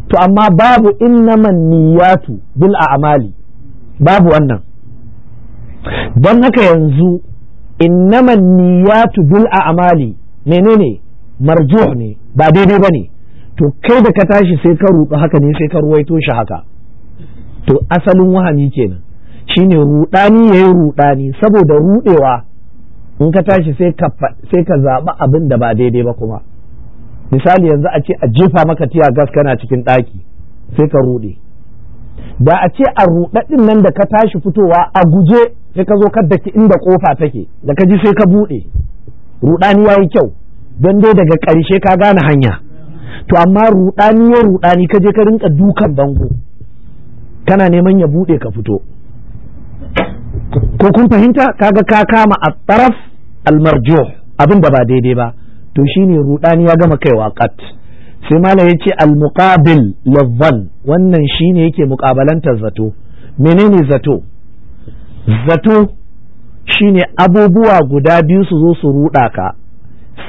to amma babu innaman niyyatu bil a'mali babu wannan don haka yanzu innaman niyyatu bil a'mali menene marjuh ne ba daidai bane to kai da ka tashi sai ka ruɗu haka ne sai ka ruwaito shi haka to asalin wahani kenan shine rudani ya yi rudani saboda rudewa in ka tashi sai ka sai ka abin da ba daidai ba kuma misali yanzu a ce a jefa maka tiya gas kana cikin ɗaki sai ka rude da a ce a ɗin nan da ka tashi fitowa a guje sai ka zo ka daki inda kofa take da ka ji sai ka buɗe. rudani yi kyau don dai daga ƙarshe ka gane hanya to amma rudani ya rudani ka je ka rinka dukan bango kana neman ya buɗe ka fito ko kun fahimta kaga ka kama a taraf almarjo abin da ba daidai ba to shine rudani ya gama kaiwa kat sai malam yace ce almuqabil lazzan wannan shine yake muƙabalantar zato menene zato zato shine abubuwa guda biyu su zo su ruɗa ka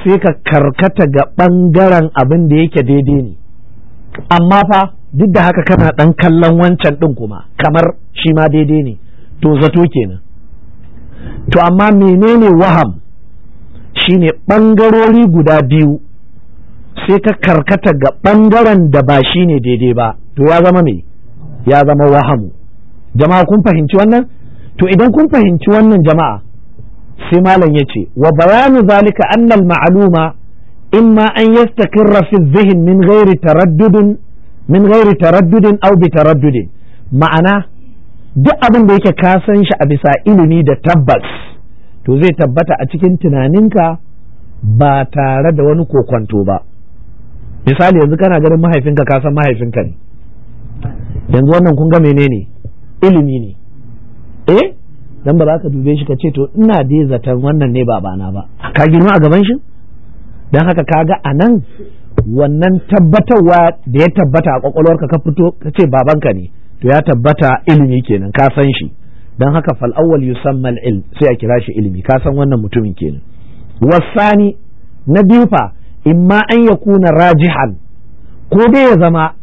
sai ka karkata ga ɓangaren abin da yake daidai ne amma fa duk da haka kana ɗan kallon wancan ɗin kuma kamar shi ma daidai ne to zato kenan to amma menene waham shine bangarori guda biyu sai ka karkata ga bangaren da ba shi ne daidai ba to ya zama me ya zama wahamu jama'a kun fahimci wannan to idan kun fahimci wannan jama'a sai malam ya ce wa bayanu zalika annal ma'aluma imma an yastakirra fi zihin min ghairi taraddudin min gairi taraddudin au bi taraddudin ma'ana duk abin da yake ka san shi a bisa ilimi da tabbas to zai tabbata a cikin tunaninka ba tare da wani kokwanto ba misali yanzu kana ganin mahaifinka ka san mahaifinka ne yanzu wannan kun ga menene ilimi ne eh dan ba za ka dube shi ka ce to ina dai zaton wannan ne babana ba ka girma a gaban shi dan haka ka kaga anan wannan tabbatarwa da ya tabbata a kwakwalwarka ka fito ka ce babanka ne to ya tabbata ilimi kenan ka san shi don haka fal awwal yusamma al sai a kira shi ilimi ka san wannan mutumin kenan wasani na biyu fa imma an kuna rajihan ko dai ya zama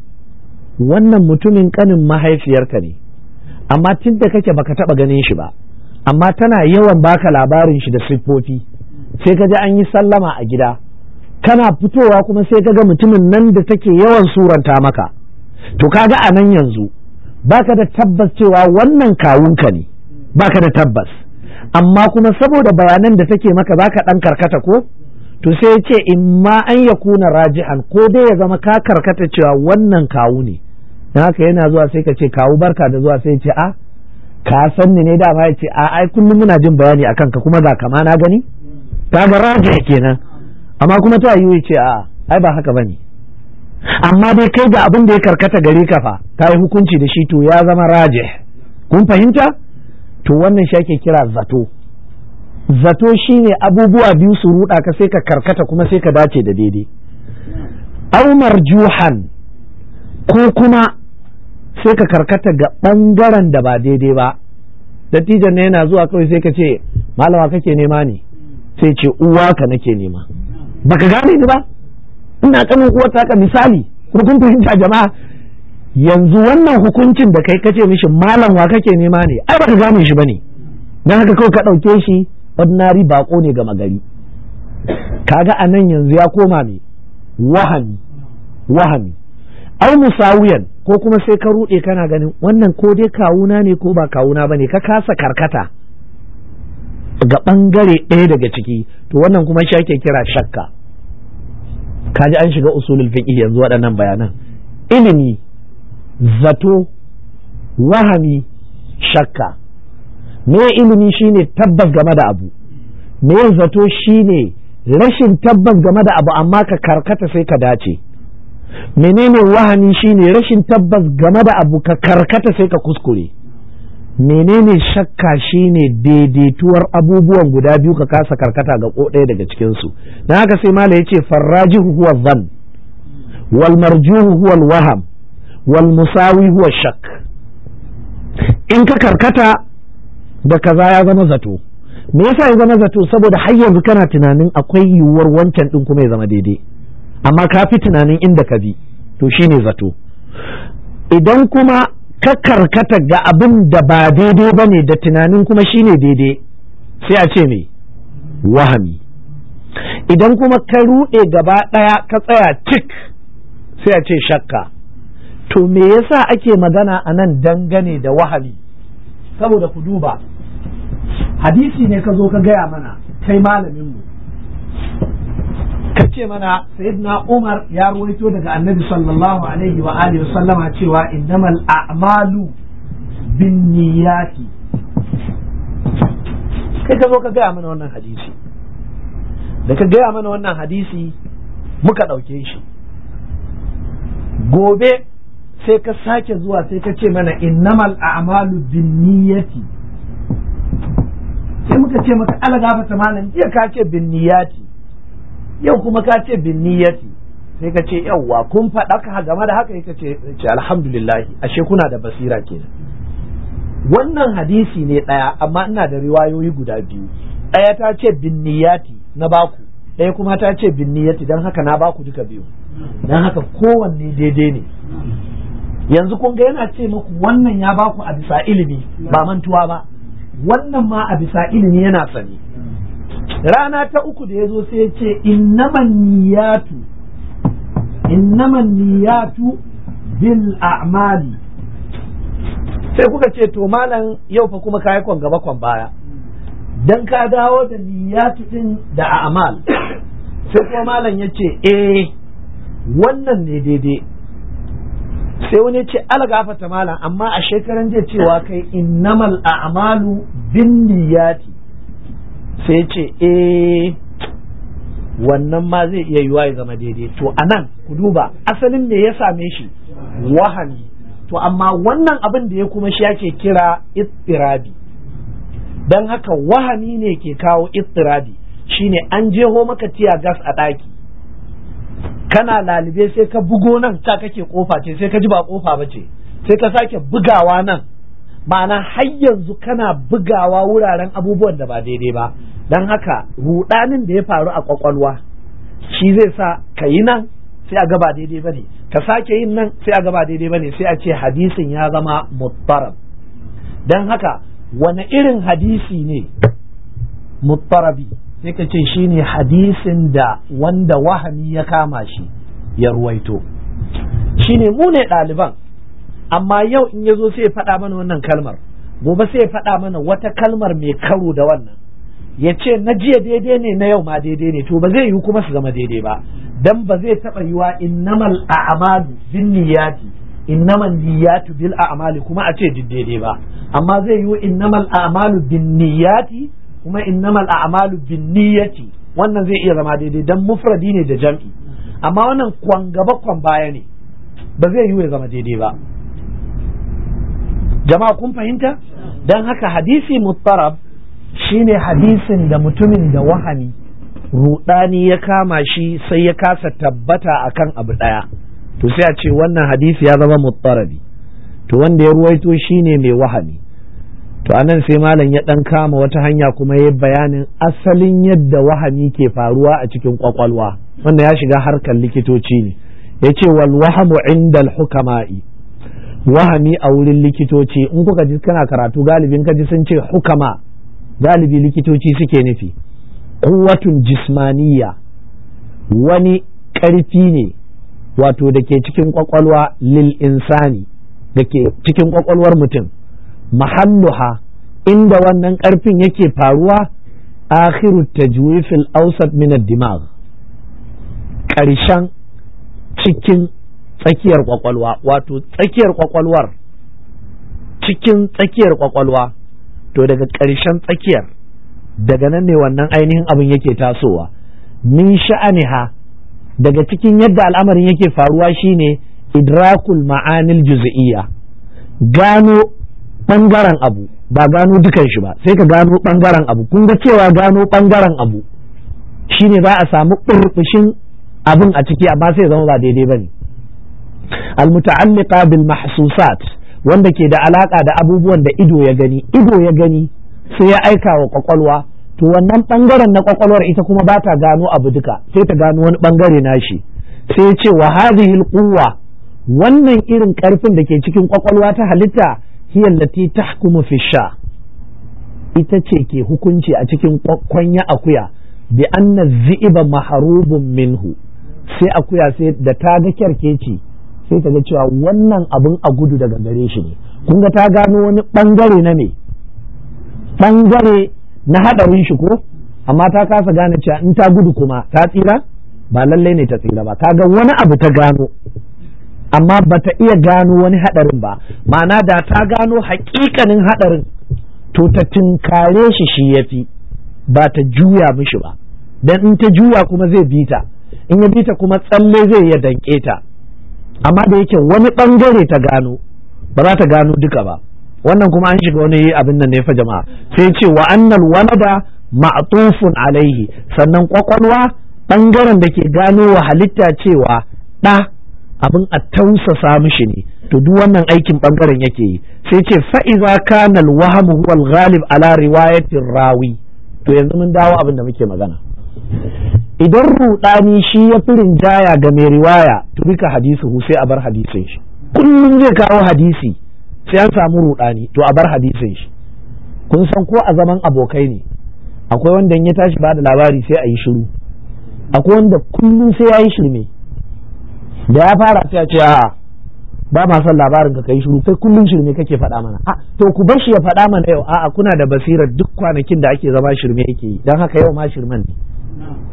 wannan mutumin kanin mahaifiyarka ne amma tun da kake baka taba ganin shi ba amma tana yawan baka labarin shi da siffofi sai ka ji an yi sallama a gida kana fitowa kuma sai kaga mutumin nan da take yawan suranta maka to kaga a nan yanzu baka da tabbas cewa wannan kawunka ne baka da tabbas amma kuma saboda bayanan da take maka baka dan karkata ko to sai ce in ma an ya kuna raji'an ko dai ya zama ka karkata cewa wannan kawu ne dan haka yana zuwa sai ka ce kawu barka da zuwa sai ya ce a ka san ni ne dama ya ce a ai kullum muna jin bayani akan ka kuma ga kama na gani kaga raji'a kenan amma kuma ta yi ce a ai ba haka bane amma dai kai ga abin da ya karkata gare ka fa ta yi hukunci da shi to ya zama raje kun fahimta to wannan shi ake kira zato zato shine abubuwa biyu su ruda ka sai ka karkata kuma sai ka dace da daidai au marjuhan ko kuma sai ka karkata ga bangaren da ba daidai ba dattijan ne yana zuwa kawai sai ka ce malama kake nema ne sai ce uwa ka nake nema baka gane ni ba ina kanin uwar taka misali ko fahimta jama'a yanzu wannan hukuncin da kai kace mishi malam wa kake nema ne ai baka gane shi bane dan haka kawai ka dauke shi ordinary bako ne ga magari kaga anan yanzu ya koma me wahami wahami au musawiyan ko kuma sai ka rude kana ganin wannan ko dai kawuna ne ko ba kawuna bane ka kasa karkata ga ɓangare ɗaya daga ciki to wannan kuma shi ake kira shakka Ka ji an shiga usulul fiqh yanzu waɗannan bayanan ilimi zato wahami shakka me ilimi shine tabbas game da abu me zato shine rashin tabbas game da abu amma ka karkata sai ka dace menene wahami shine rashin tabbas game da abu ka karkata sai ka kuskure menene shakka shine daidaituwar abubuwan guda biyu ka kasa karkata ga ko ɗaya daga cikin su dan haka sai mala yace farrajihu huwa dhann wal marjuhu huwa waham wal musawi huwa shak in ka karkata da kaza ya zama zato me yasa ya zama zato saboda har yanzu kana tunanin akwai yiwuwar wancan din kuma ya zama daidai amma ka fi tunanin inda ka bi to shine zato idan kuma ka karkata ga abin da ba daidai ba ne da tunanin kuma shi ne daidai sai a ce mai wahami idan kuma ka ruɗe gaba ɗaya ka tsaya cik sai a ce shakka to me yasa ake magana a nan dangane da wahami saboda ku duba hadisi ne ka zo ka gaya mana kai malaminmu ce mana sayyidina Umar ya ruwaito daga Annabi sallallahu alaihi wa alihi wa sallama cewa innamal a'malu niyyati kai ka zo ka gaya mana wannan hadisi da ka gaya mana wannan hadisi muka ɗauke shi gobe sai ka sake zuwa sai ka ce mana innamal a'malu niyyati sai muka ce maka ala gafata malam jiya ka ce niyyati yau kuma ka ce bin niyyati sai ka ce yauwa kun faɗa game da haka ka ce alhamdulillah ashe kuna da basira kenan wannan hadisi ne ɗaya amma ina da riwayoyi guda biyu ɗaya ta ce bin niyyati na baku ɗaya kuma ta ce bin niyyati don haka na baku duka biyu don haka kowanne daidai ne yanzu kun ga yana ce muku wannan ya baku a bisa ilimi ba mantuwa ba wannan ma a bisa ilimi yana sani rana ta uku da ya zo sai ya ce innaman niyatu bil a'mali sai kuka ce to malam yau fa kuma kayi kon gaba kon baya dan ka dawo da niyatu din da a'mal sai kuma malam ya ce eh wannan ne daidai sai wani ya ce algafata malam amma a shekaran jiya cewa kai innamal a'malu bin niyati sai ce e, wannan ma zai iya yiwa ya zama daidai to a nan ku duba asalin me ya same shi wahani to amma wannan abin da ya kuma shi ake kira ittirabi dan haka wahani ne ke kawo ittirabi shine an jeho maka tiya gas a ɗaki kana lalibe sai ka bugo nan ta kake kofa ce sai ka ji ba kofa ba ce sai ka sake bugawa nan ma'ana har yanzu kana bugawa wuraren abubuwan da ba daidai ba don haka rudanin da ya faru a kwakwalwa shi zai sa ka yi nan sai a gaba daidai ba ne ka sake yin nan sai a gaba daidai ba ne sai a ce hadisin ya zama mutarab don haka wani irin hadisi ne mutarabi sai ka ce shi ne hadisin da wanda wahami ya kama shi ya ruwaito shi ne mu ne ɗaliban amma yau in ya zo sai ya faɗa mana wannan kalmar gobe sai ya faɗa mana wata kalmar mai karo da wannan ya ce na jiya daidai ne na yau ma daidai ne to ba zai yiwu kuma su zama daidai ba dan ba zai taba yiwa innamal a'malu bin niyyati innamal niyyatu bil a'mali kuma a ce duk daidai ba amma zai yiwu innamal a'malu bin niyyati kuma innamal a'malu bin niyyati wannan zai iya zama daidai dan mufradi ne da jam'i amma wannan kwan gaba kwan baya ne ba zai yiwu ya zama daidai ba jama'a kun fahimta dan haka hadisi muttarab Shi ne hadisin da mutumin da wahami rudani ya kama shi sai ya kasa tabbata a kan abu ɗaya. to sai a ce wannan hadisi ya zama muttarabi to wanda ya ruwaito shine mai wahami to anan sai malam ya ɗan kama wata hanya kuma ya bayanin asalin yadda wahami ke faruwa a cikin kwakwalwa wannan ya shiga harkar likitoci ne Ya ce wal wahamu inda hukama'i wahami a wurin likitoci in kuka ji kana karatu galibin ka ji sun ce hukama galibi likitoci suke nufi kuwatun jismaniya wani ƙarfi ne wato da ke cikin kwakwalwa lil insani da ke cikin kwakwalwar mutum mahalluha inda wannan ƙarfin yake faruwa akhiru tajwifil awsat min ad dimag ƙarshen cikin tsakiyar kwakwalwa wato tsakiyar kwakwalwar cikin tsakiyar kwakwalwa to daga ƙarshen tsakiyar daga nan ne wannan ainihin abin yake tasowa min sha'aniha daga cikin yadda al'amarin yake faruwa shine idrakul ma'anil juz'iyya gano bangaren abu ba gano dukan shi ba sai ka gano bangaren abu kun ga cewa gano bangaren abu shine za a samu burbushin abin a ciki amma sai zama ba daidai bane al muta'alliqa bil mahsusat wanda ke da alaka da abubuwan da ido ya gani ido ya gani sai ya aika wa kwakwalwa to wannan bangaren na kwakwalwar ita kuma ba ta gano abu duka sai ta gano wani bangare nashi sai ya ce wa hadhihi quwwa wannan irin karfin da ke cikin kwakwalwa ta halitta hiya allati tahkumu fi sha ita ce ke hukunci a cikin kwanya akuya bi anna zi'iba maharubun minhu sai akuya sai da ta ga kyarkeci sai ta ga cewa wannan abin a gudu daga gare shi ne kun ga ta gano wani bangare na me bangare na haɗarin shi ko amma ta kasa gane cewa in ta gudu kuma ta tsira ba lallai ne ta tsira ba kaga wani abu ta gano amma ba ta iya gano wani hadarin ba ma'ana da ta gano hakikanin hadarin to ta tinkare shi shi ya fi ba ta juya mishi ba dan in ta juya kuma zai bita in ya bita kuma tsalle zai ya danƙe ta amma da yake wani bangare ta gano ba za ta gano duka ba wannan kuma an shiga wani abin nan ne fa jama'a sai ce wa annal walada ma'tufun alaihi sannan kwakwalwa bangaren da ke gano wa halitta cewa Da abin a tausasa mishi ne to duk wannan aikin bangaren yake yi sai ce fa'iza kana al-wahmu huwa al-ghalib ala riwayatir rawi to yanzu mun dawo abin da muke magana idan rudani shi ya fi rinjaya ga mai riwaya ka hu sai a bar hadisin shi kullum zai kawo hadisi sai an samu rudani to a bar hadisin shi kun san ko a zaman abokai ne akwai wanda ya tashi ba da labari sai a yi shiru akwai wanda kullum sai ya yi shirme da ya fara sai a ce a, ba ma son labarin ka yi shiru Sai kullum shirme kake faɗa mana a to ku bar shi ya faɗa mana yau a'a kuna da basirar duk kwanakin da ake zama shirme yake yi don haka yau ma shirman ne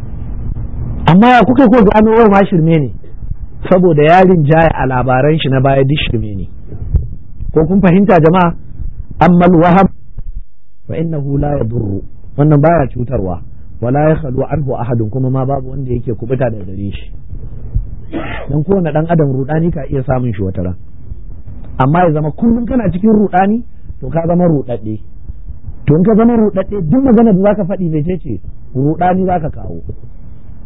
amma ya kuka ko gano wai ma shirme ne saboda yarin jaya a labaran shi na baya duk shirme ne ko kun fahimta jama'a ammal waham wa innahu la yadurru wannan baya cutarwa wala ya khalu anhu ahadun kuma ma babu wanda yake kubuta da gare shi dan kowane dan adam rudani ka iya samun shi wata ran amma ya zama kullum kana cikin rudani to ka zama rudadde to in ka zama rudadde duk magana da zaka faɗi bai ce rudani zaka kawo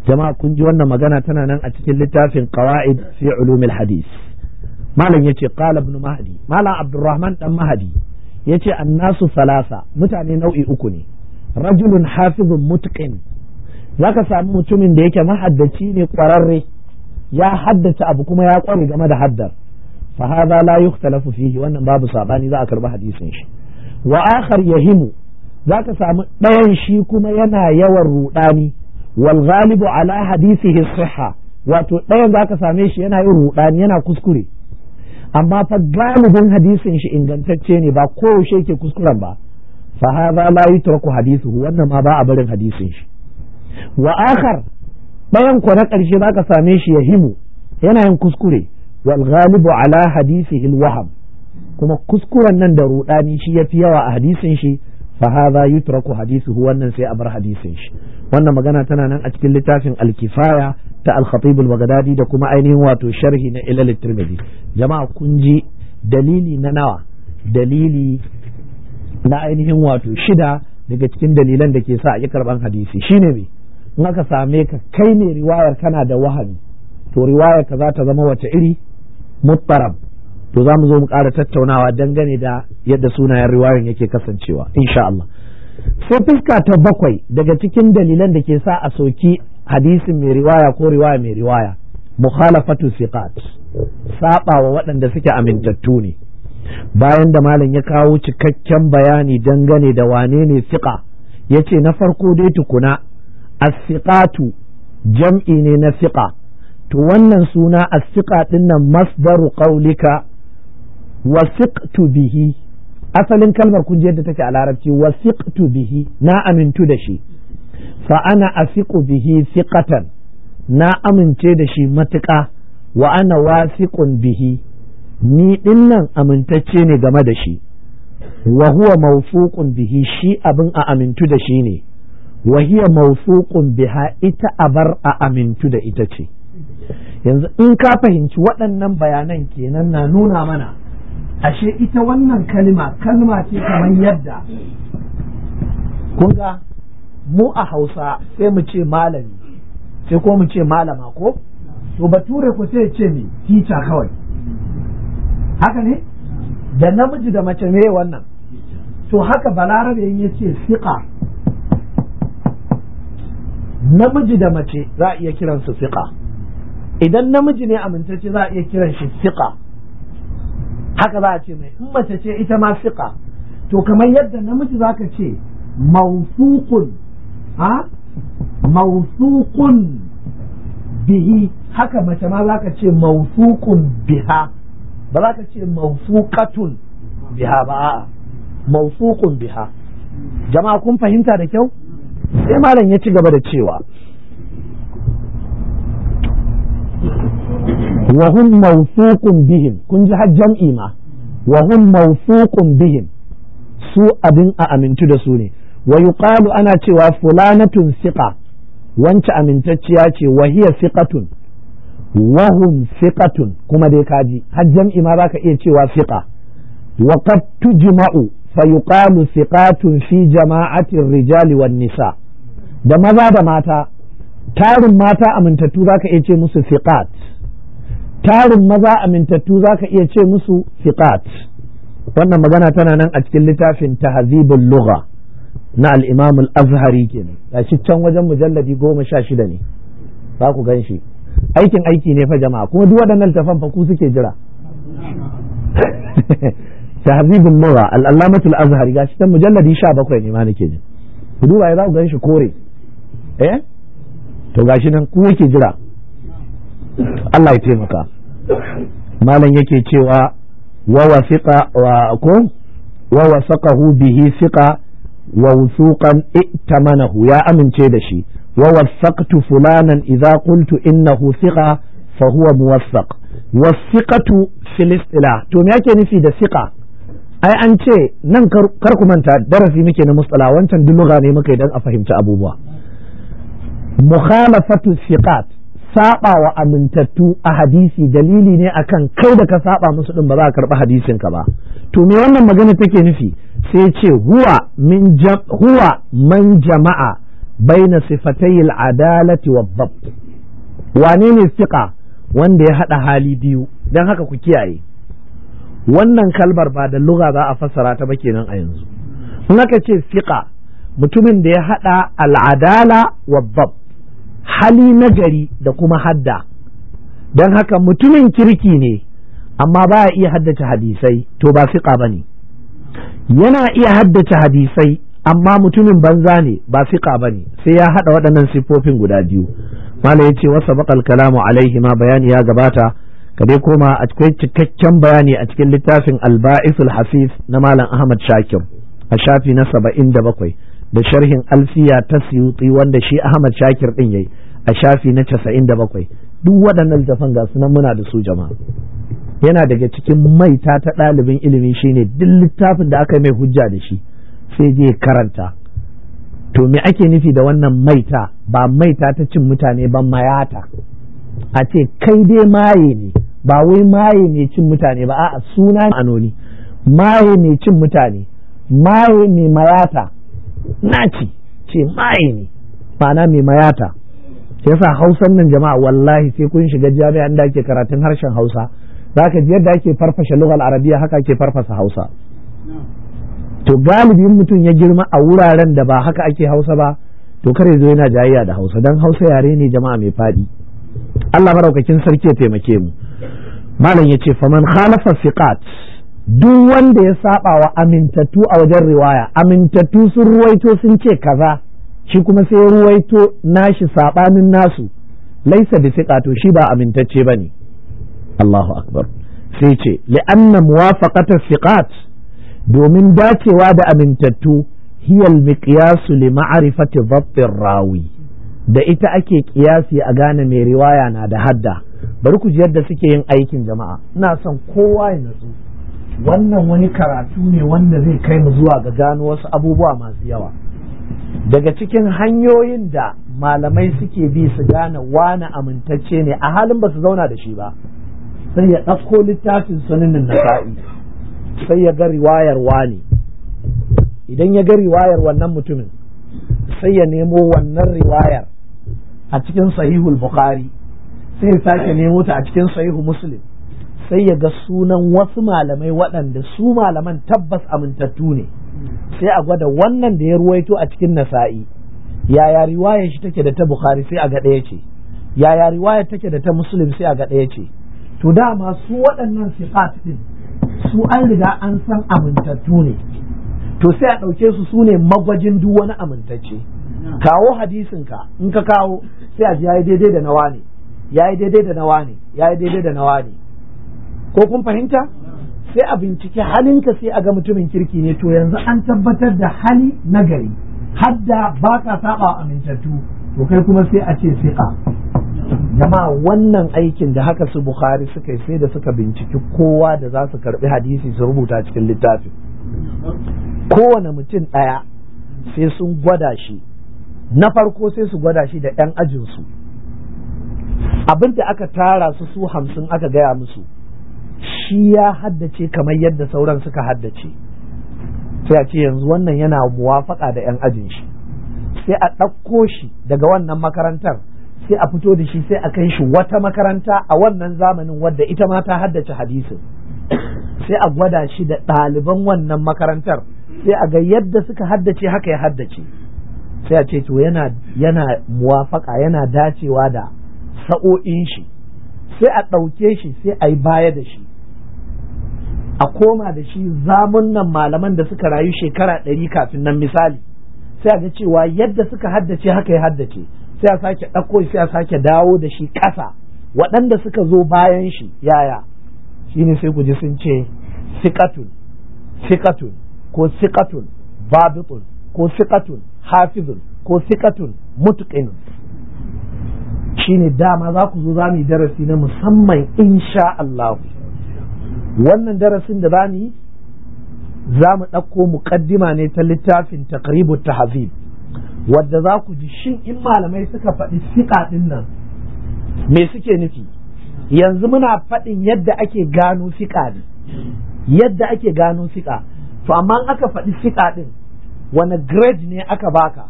jama'a kun ji wannan magana tana nan a cikin littafin qawaid fi ulumil hadis malam yace qala ibn mahdi malam abdurrahman dan mahdi yace annasu salasa mutane nau'i uku ne rajulun hafizun mutqin zaka samu mutumin da yake mahaddaci ne kwararre ya haddace abu kuma ya kware game da haddar fa hadha la yukhtalafu fihi wannan babu sabani za a karba hadisin shi wa akhar yahimu zaka samu ɗayan shi kuma yana yawan rudani wal ghalibu ala hadisihi sihha wato ɗayan za ka same shi yana yin rudani yana kuskure amma fa galibin hadisin shi ingantacce ne ba koyaushe ke kuskuren ba fa hadha la yutraku hadithuhu wannan ma ba a barin hadisin shi wa akhar ɗayan ko na ƙarshe za ka same shi ya himu yana yin kuskure wal ghalibu ala hadisihi al waham kuma kuskuren nan da rudani shi yafi yawa a hadisin shi fa hadha yutraku hadithuhu wannan sai a bar hadisin shi wannan magana tana nan a cikin littafin alkifaya ta al-khatib al-baghdadi da kuma ainihin wato sharhi na ilal tirmidhi jama'a kun ji dalili na nawa dalili na ainihin wato shida daga cikin dalilan da ke sa a yi karban hadisi shine me in aka same ka kai ne riwayar kana da wahami to riwayar ka za ta zama wata iri muttarab to za mu zo mu ƙara tattaunawa dangane da yadda sunayen riwayoyin yake kasancewa insha Allah sai fuska ta bakwai daga cikin dalilan da ke sa a soki hadisin mai riwaya ko riwaya mai riwaya mukhalafatu siqat saba wa waɗanda suke amintattu ne bayan da malam ya kawo cikakken bayani dangane da wane ne siqa yace na farko dai tukuna as-siqatu jam'i ne na siƙa. to wannan suna as-siqa dinnan masdaru qaulika wasiqtu bihi asalin kalmar kun yadda take a larabci wasiqtu bihi na amintu da shi fa ana asiqu bihi siqatan na amince da shi matuƙa wa ana wasiqun bihi ni nan amintacce ne game da shi wa huwa mawfuqun bihi shi abin a amintu da shi ne wa hiya mawfuqun biha ita abar a amintu da ita ce yanzu in ka fahimci waɗannan bayanan kenan na nuna mana ashe ita wannan kalma kalma ce kamar yadda kunga mu a hausa sai mu ce malami sai ko mu ce malama ko to bature ku sai ce ne teacher kawai haka ne da namiji da mace ne wannan to haka balarabe ya ce siƙa namiji da mace za a iya kiransu siƙa idan namiji ne amintacce za a iya kiran shi siƙa haka za a ce mai in mace ce ita ma shiƙa to kamar yadda namiji zaka ce mausukun ha bihi haka mace ma zaka ce mausukun biha ba za ka ce mausukatun biha ba a mawsuqun biha jama'a kun fahimta da kyau sai malam ya ci gaba da cewa wa hum mawthuqun bihim kun ji har jam'i ma wa hum mawthuqun bihim su abin a amintu da su ne wa yuqalu ana cewa fulanatun siqa wance amintacciya ce wa hiya siqatun wa hum siqatun kuma dai kaji har jam'i ma zaka iya cewa siqa wa jima'u tujma'u fa yuqalu siqatun fi jama'ati rijali wan nisa da maza da mata tarin mata amintattu zaka iya ce musu siqat tarin maza amintattu za ka iya ce musu fiqat wannan magana tana nan a cikin littafin tahzibul lugha na al-imam al-azhari kenan can wajen mujalladi goma sha shida ne za ku gan shi aikin aiki ne fa jama'a kuma duk waɗannan littafan fa ku suke jira <laughs> tahzibul lugha al-allamatu al-azhari shi can mujalladi 17 ne ma nake ji ku duba ya za ku gan shi kore eh to gashi nan ku yake jira Allah ya taimaka malam yake cewa wa wasiqa wa ko wa wasaqahu bihi siqa wa wusuqan ittamanahu ya amince da shi wa wasaqtu fulanan idza qultu innahu siqa fa huwa muwassaq wasiqatu fil istila to me yake nufi da siqa ai an ce nan kar ku manta darasi muke na mustala wancan duluga ne muke dan a fahimci abubuwa mukhalafatu siqat saba wa amintattu a hadisi dalili ne akan kai da ka saɓa musu ɗin ba za ka karba hadisin ka ba to me wannan magana take nufi sai ce huwa min man jama'a baina na al-adalati wabbab. dhabt wane ne siƙa wanda ya haɗa hali biyu dan haka ku kiyaye wannan kalmar ba da lugha za a fassara ta ba kenan a yanzu in aka ce siqa mutumin da ya hada al'adala wabbab. hali nagari da kuma hadda don haka mutumin kirki ne amma ba iya haddace hadisai to ba fiƙa ba ne yana iya haddace hadisai amma mutumin banza ne ba fiƙa ba ne sai ya haɗa waɗannan siffofin guda biyu malam ya ce wasa baƙal kalamu alaihi ma bayani ya gabata ka dai koma a cikin cikakken bayani a cikin littafin alba'isul hafiz na malam ahmad shakir a shafi na saba'in da bakwai da sharhin alfiya ta siyuti wanda shi ahmad shakir din yayi a shafi na casa'in da bakwai duk waɗannan littafan ga sunan muna da su jama'a yana daga cikin maita ta ɗalibin ilimi shine duk littafin da aka mai hujja da shi sai je karanta to me ake nufi da wannan maita ba maita ta cin mutane ba mayata a ce kai dai maye ne ba wai maye ne cin mutane ba a'a suna anoni maye ne cin mutane maye ne mayata naci ce maye ne ma'ana mai mayata yasa hausan nan jama'a wallahi sai kun shiga jami'an da ake karatun harshen hausa za ka ji yadda ake farfashe lugal arabiya haka ake farfasa hausa to galibin mutum ya girma a wuraren da ba haka ake hausa ba to ya zo yana jayayya da hausa Dan hausa yare ne jama'a mai faɗi Allah maraukakin sarki ya taimake mu malam ya ce faman khalafa siqat duk wanda ya saba wa amintattu a wajen riwaya amintattu sun ruwaito sun ce kaza shi kuma sai ruwaito nashi sabanin nasu laisa bi to shi ba amintacce bane Allahu akbar sai ce li'anna muwafaqata siqat domin dacewa da amintattu hiyal miqyasu li ma'rifati dhabtir rawi da ita ake kiyasi a gane mai riwaya na da hadda bari ku ji yadda suke yin aikin jama'a ina son kowa ya natsu wannan wani karatu ne wanda zai kai mu zuwa ga gano wasu abubuwa masu yawa daga cikin hanyoyin da malamai suke bi su gane wani amintacce ne a halin ba su zauna da shi ba sai ya ɗauko littafin sunanin nasa'i sai ya ga riwayar wani idan ya ga riwayar wannan mutumin sai ya nemo wannan riwayar a cikin sahihul bukhari sai ya sake nemo ta a cikin sahihu muslim sai ya ga sunan wasu malamai waɗanda su malaman tabbas amintattu ne sai a gwada wannan da ya ruwaito a cikin nasa'i yaya riwayar shi take da ta bukhari sai a ga ɗaya ce yaya riwayar take da ta muslim sai a ga ɗaya ce to dama su waɗannan sifat ɗin su an riga an san amintattu ne to sai a ɗauke su su ne magwajin duk wani amintacce kawo hadisinka in ka kawo sai a ji yayi daidai da nawa ne yayi daidai da nawa ne yayi daidai da nawa ne ko kun fahimta sai a binciki halinka sai a ga mutumin kirki ne to yanzu an tabbatar da hali nagari hadda ba ka saba amintattu to kai kuma sai a ce siƙa jama wannan aikin da haka su bukhari suka yi sai da suka binciki kowa da za su karbi hadisi su rubuta cikin littafi kowane mutum ɗaya sai sun gwada shi na farko sai su gwada shi da 'yan ajinsu abin da aka tara su su hamsin aka gaya musu shi ya haddace kamar yadda sauran suka haddace sai a ce yanzu wannan yana muwafaƙa da 'yan ajin shi sai a ɗauko shi daga wannan makarantar sai a fito da shi sai a kai shi wata makaranta a wannan zamanin wadda ita ma ta haddace hadisin sai a gwada shi da ɗaliban wannan makarantar sai a ga yadda suka haddace haka ya haddace sai a ce to yana yana muwafaka yana dacewa da sa'o'in shi sai a ɗauke shi sai a yi baya da shi a koma da shi zamun nan malaman da suka rayu shekara ɗari kafin nan misali sai a ga cewa yadda suka haddace haka ya haddace sai a sake ɗauko sai a sake dawo da shi ƙasa waɗanda suka zo bayan shi yaya shi ne sai ku ji sun ce sikatun sikatun ko sikatun babitun ko sikatun hafizun ko sikatun mutuƙin Shi ne dama za ku zo za mu yi darasi na musamman insha Allah wannan darasin da zamu yi za mu ɗauko muƙaddima ne ta littafin taqribu tahzib wadda za ku ji shin in malamai suka faɗi siƙa ɗin nan me suke nufi yanzu muna faɗin yadda ake gano siƙa ne yadda ake gano siƙa to amma aka faɗi siƙa ɗin wani grade ne aka baka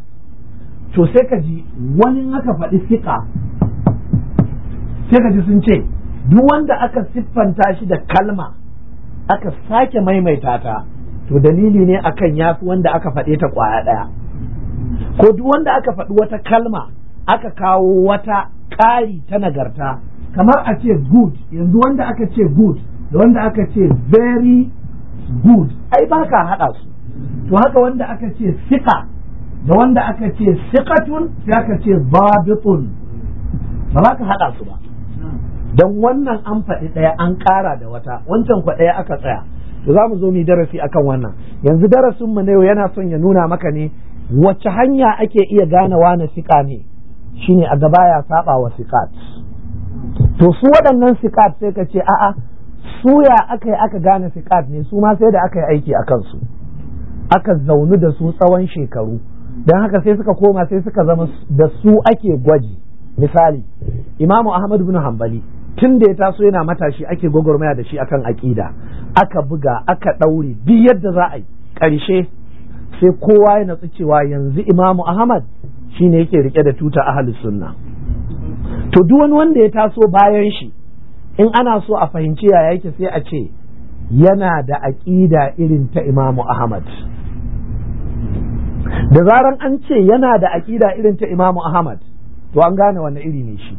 to sai ka ji wani aka faɗi siƙa sai ka ji sun ce duk wanda aka siffanta shi da kalma aka sake maimaita ta to dalili ne akan ya fi wanda aka faɗe ta kwaya ɗaya ko duk wanda aka faɗi wata kalma aka kawo wata ƙari ta nagarta kamar a ce good yanzu wanda aka ce good da wanda aka ce very good ai ba ka haɗa su to haka wanda aka ce siƙa da wanda aka ce sikatun sai aka ce babitun ba za ka haɗa su ba don wannan an faɗi ɗaya an ƙara da wata wancan kwa ɗaya aka tsaya to za mu zo mu darasi akan wannan yanzu darasin mu yau yana son ya nuna maka ne wace hanya ake iya gane wani sika ne shine a gaba ya saba wa siƙat to su waɗannan sikat sai ka ce a'a su ya aka yi aka gane sikat ne su ma sai da aka yi aiki a kansu aka zaunu da su tsawon shekaru don haka sai suka koma sai suka zama da su ake gwaji misali imamu ahmad bin hanbali tun da ya taso yana matashi ake gwagwarmaya da shi akan aƙida aka buga aka ɗaure bi yadda za a yi ƙarshe sai kowa ya natsu cewa yanzu imamu ahmad shine yake rike da tuta ahalus sunna to duk wani wanda ya taso bayan shi in ana so a fahimci yaya yake sai a ce yana da aƙida irin ta imamu ahmad da zaran an ce yana da aƙida irin ta imamu ahmad to an gane wani iri ne shi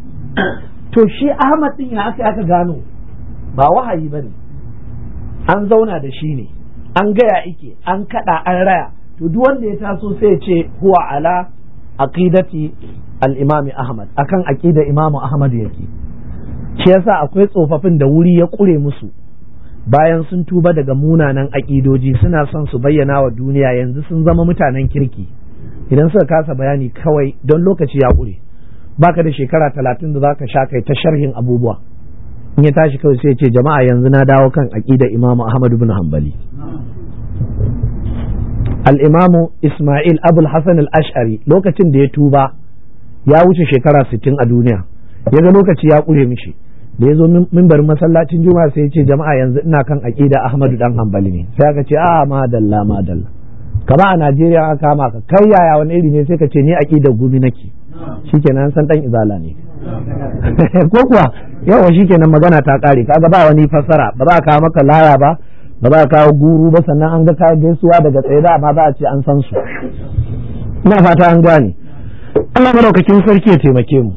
to shi Ahmad din ya aka aka gano ba wahayi bane an zauna da shi ne an gaya ike an kada an raya to duk wanda ya taso sai ya ce huwa ala aqidati al-imam Ahmad akan aqida Imam Ahmad yake shi yasa akwai tsofaffin da wuri ya kure musu bayan sun tuba daga munanan aƙidoji suna son su bayyana wa duniya yanzu sun zama mutanen kirki idan suka kasa bayani kawai don lokaci ya ƙure baka da shekara talatin da za ka sha kai ta sharhin abubuwa in ya tashi kawai sai ce jama'a yanzu na dawo kan aqida imamu ahmad ibn hanbali al-imamu isma'il abul hasan al-ash'ari lokacin da ya tuba ya wuce shekara sittin a duniya ya ga lokaci ya kure mishi da ya zo mimbarin masallacin juma'a sai ya ce jama'a yanzu ina kan aqida ahmadu dan hanbali ne sai aka ce a ah, madalla madalla kama a najeriya aka kama ka kai yaya wani iri ne sai ka ce ni aqida gumi nake shikenan san dan izala ne <laughs> ko kuwa yawa shikenan magana ta kare kaga ba wani fassara ba za a kawo maka laya ba ba za a kawo guru ba sannan an ga kawo gaisuwa daga tsaye da amma za a ce an san su ina fata an gane Allah madaukakin sarki ya taimake mu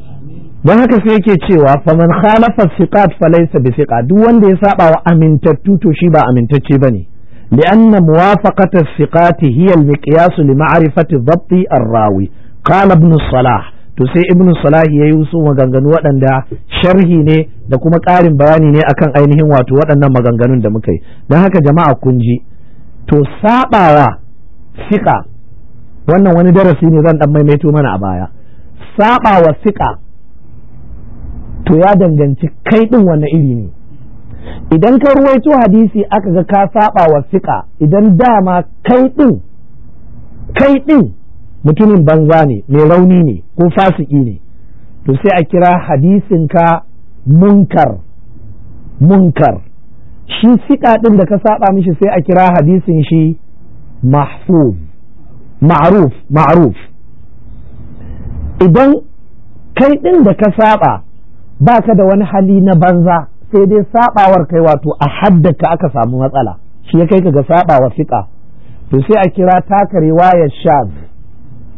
don haka sai yake cewa faman khalafa siqat falaysa bi siqa duk wanda ya saba wa amintattu to shi ba amintacce ba bane li'anna muwafaqata siqati hiya al-miqyas li ma'rifati dhabti ar-rawi qala ibn salah to sai ibn salah yayi wasu maganganu waɗanda sharhi ne da kuma ƙarin bayani ne akan ainihin wato waɗannan maganganun da muka yi don haka jama'a kun ji to sabawa fiqa wannan wani darasi ne zan dan maimaito mana a baya sabawa fiqa to ya danganci kai din wanne iri ne idan ka ruwaito hadisi aka ga ka sabawa wa idan dama kai din kai din mutumin banza ne mai rauni ne ko fasiki ne to sai a kira hadisin ka munkar munkar shi siɗa ɗin da ka saba mishi sai a kira hadisin shi mahfuz ma'ruf ma'ruf idan kai ɗin da ka saba ba ka da wani hali na banza sai dai sabawar kai wato a haddaka aka samu matsala shi ya kai ka ga sabawa fiƙa to sai a kira takari riwayar shaz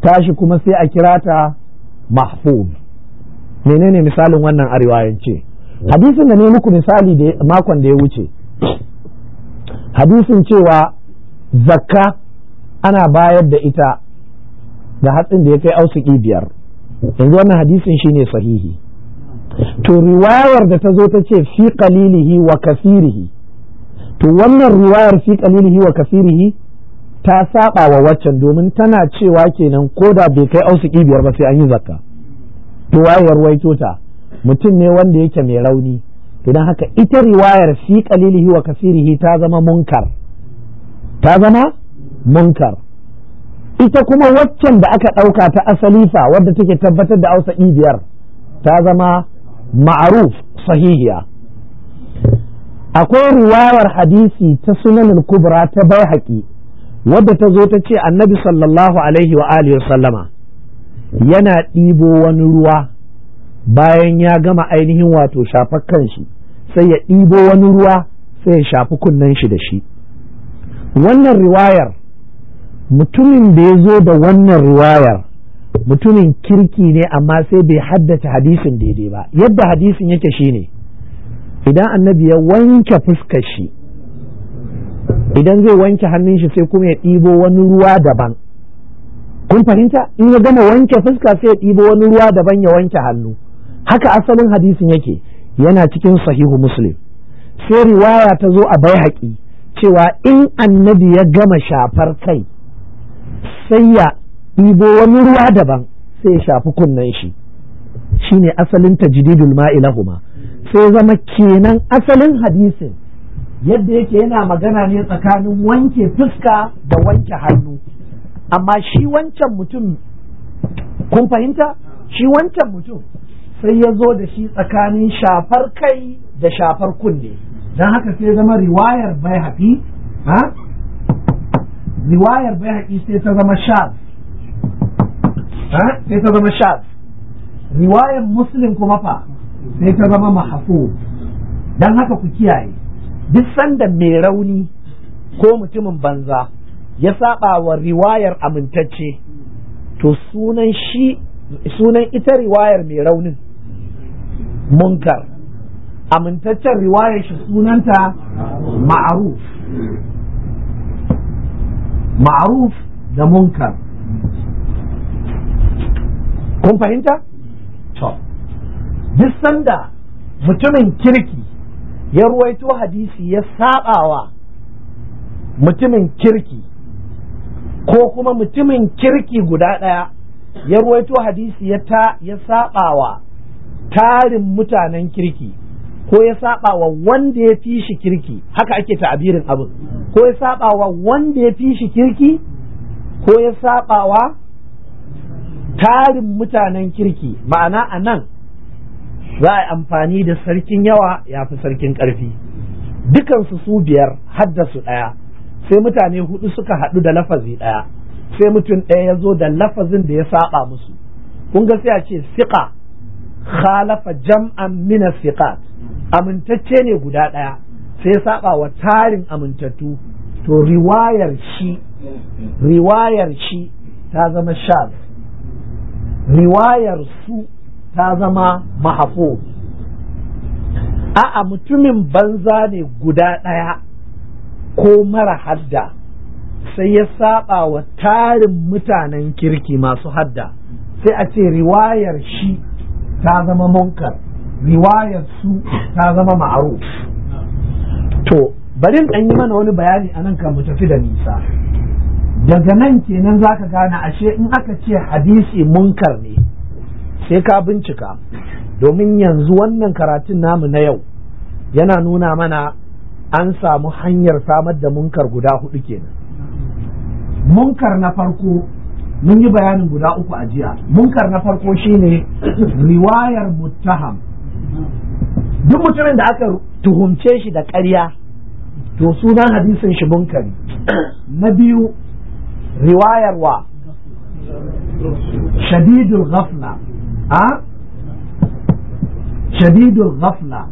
tashi kuma sai a kira ta mahfuz menene misalin wannan a hadisin da ne muku misali da makon da ya wuce hadisin cewa zakka ana bayar da ita da hatsin da ya kai ausuki biyar yanzu wannan hadisin shine sahihi to riwayar da ta zo ta ce fi qalilihi wa kasirihi to wannan riwayar fi qalilihi wa kasirihi ta saba wa waccan domin tana cewa kenan ko da bai kai ausiki biyar ba sai an yi zakka to wayar waito ta mutum ne wanda yake mai rauni idan haka ita riwayar fi qalilihi wa kasirihi ta zama munkar ta zama munkar ita kuma waccan da aka ɗauka ta asali fa wadda take tabbatar da ausaki biyar ta zama ma'aruf sahihiya akwai riwayar hadisi ta al kubra ta bai haƙi wadda ta zo ta ce annabi sallallahu alaihi wa alihi sallama yana ɗibo wani ruwa bayan ya gama ainihin wato shafar kanshi sai ya ɗibo wani ruwa sai ya shafi kunnen shi da shi wannan riwayar mutumin da ya zo da wannan riwayar mutumin kirki ne amma sai bai haddace hadisin daidai ba yadda hadisin yake shine idan annabi ya wanke fuskar shi idan zai wanke hannun shi sai kuma ya ɗibo wani ruwa daban kun fahimta in ya gama wanke fuska sai ya ɗibo wani ruwa daban ya wanke hannu haka asalin hadisin yake yana cikin sahihu muslim sai riwaya ta zo a bai haƙi cewa in annabi ya gama shafar kai sai ya ɗibo wani ruwa daban sai ya shafi kunnen shi shine asalin tajdidul ma'ilahuma sai zama kenan asalin hadisin yadda yake yana magana ne tsakanin wanke fuska da wanke hannu amma shi wancan mutum kun fahimta shi wancan mutum sai ya zo da shi tsakanin shafar kai da shafar kunne don haka sai zama riwayar bai haƙi ha riwayar bai haƙi sai ta zama shaf ha sai ta zama shaf riwayar muslim kuma fa sai ta zama mahafu don haka ku kiyaye duk sanda mai rauni ko mutumin banza ya saba wa riwayar amintacce to sunan shi sunan ita riwayar mai raunin munkar amintaccen riwayar shi sunanta ma'aruf ma'aruf da munkar kun fahimta? to duk sanda mutumin kirki ya ruwaito hadisi ya sabawa mutumin kirki ko kuma mutumin kirki guda ɗaya ya ruwaito hadisi ya ta ya sabawa tarin mutanen kirki ko ya sabawa wanda ya fi shi kirki haka ake ta'abirin abin ko ya sabawa wanda ya fi shi kirki ko ya sabawa tarin mutanen kirki ma'ana a nan za a amfani da sarkin yawa ya fi sarkin ƙarfi dukansu su biyar haddasu ɗaya sai mutane hudu suka haɗu da lafazi ɗaya sai mutum ɗaya ya zo da lafazin da ya saba musu kun ga sai a ce siƙa khalafa jam'an mina siƙa. amintacce ne guda ɗaya sai ya saba wa tarin amintattu to riwayar shi riwayar shi ta zama shaz riwayar su ta zama mahafu a'a mutumin banza ne guda ɗaya ko mara hadda sai ya saba wa tarin mutanen kirki masu hadda sai a ce riwayar shi ta zama munkar riwayar su ta zama ma'aru to barin ɗan yi mana wani bayani a nan kan mu tafi da nisa daga nan kenan za ka gane ashe in aka ce hadisi munkar ne sai ka bincika domin yanzu wannan karatun namu na yau yana nuna mana an samu hanyar samar da munkar guda hudu kenan munkar na farko mun yi bayanin guda uku a jiya munkar na farko shine <coughs> riwayar muttaham duk mutumin da aka tuhumce shi da ƙarya to sunan hadisin shi munkari <coughs> na biyu riwayarwa wa shadidul ghafla a shadidul ghafla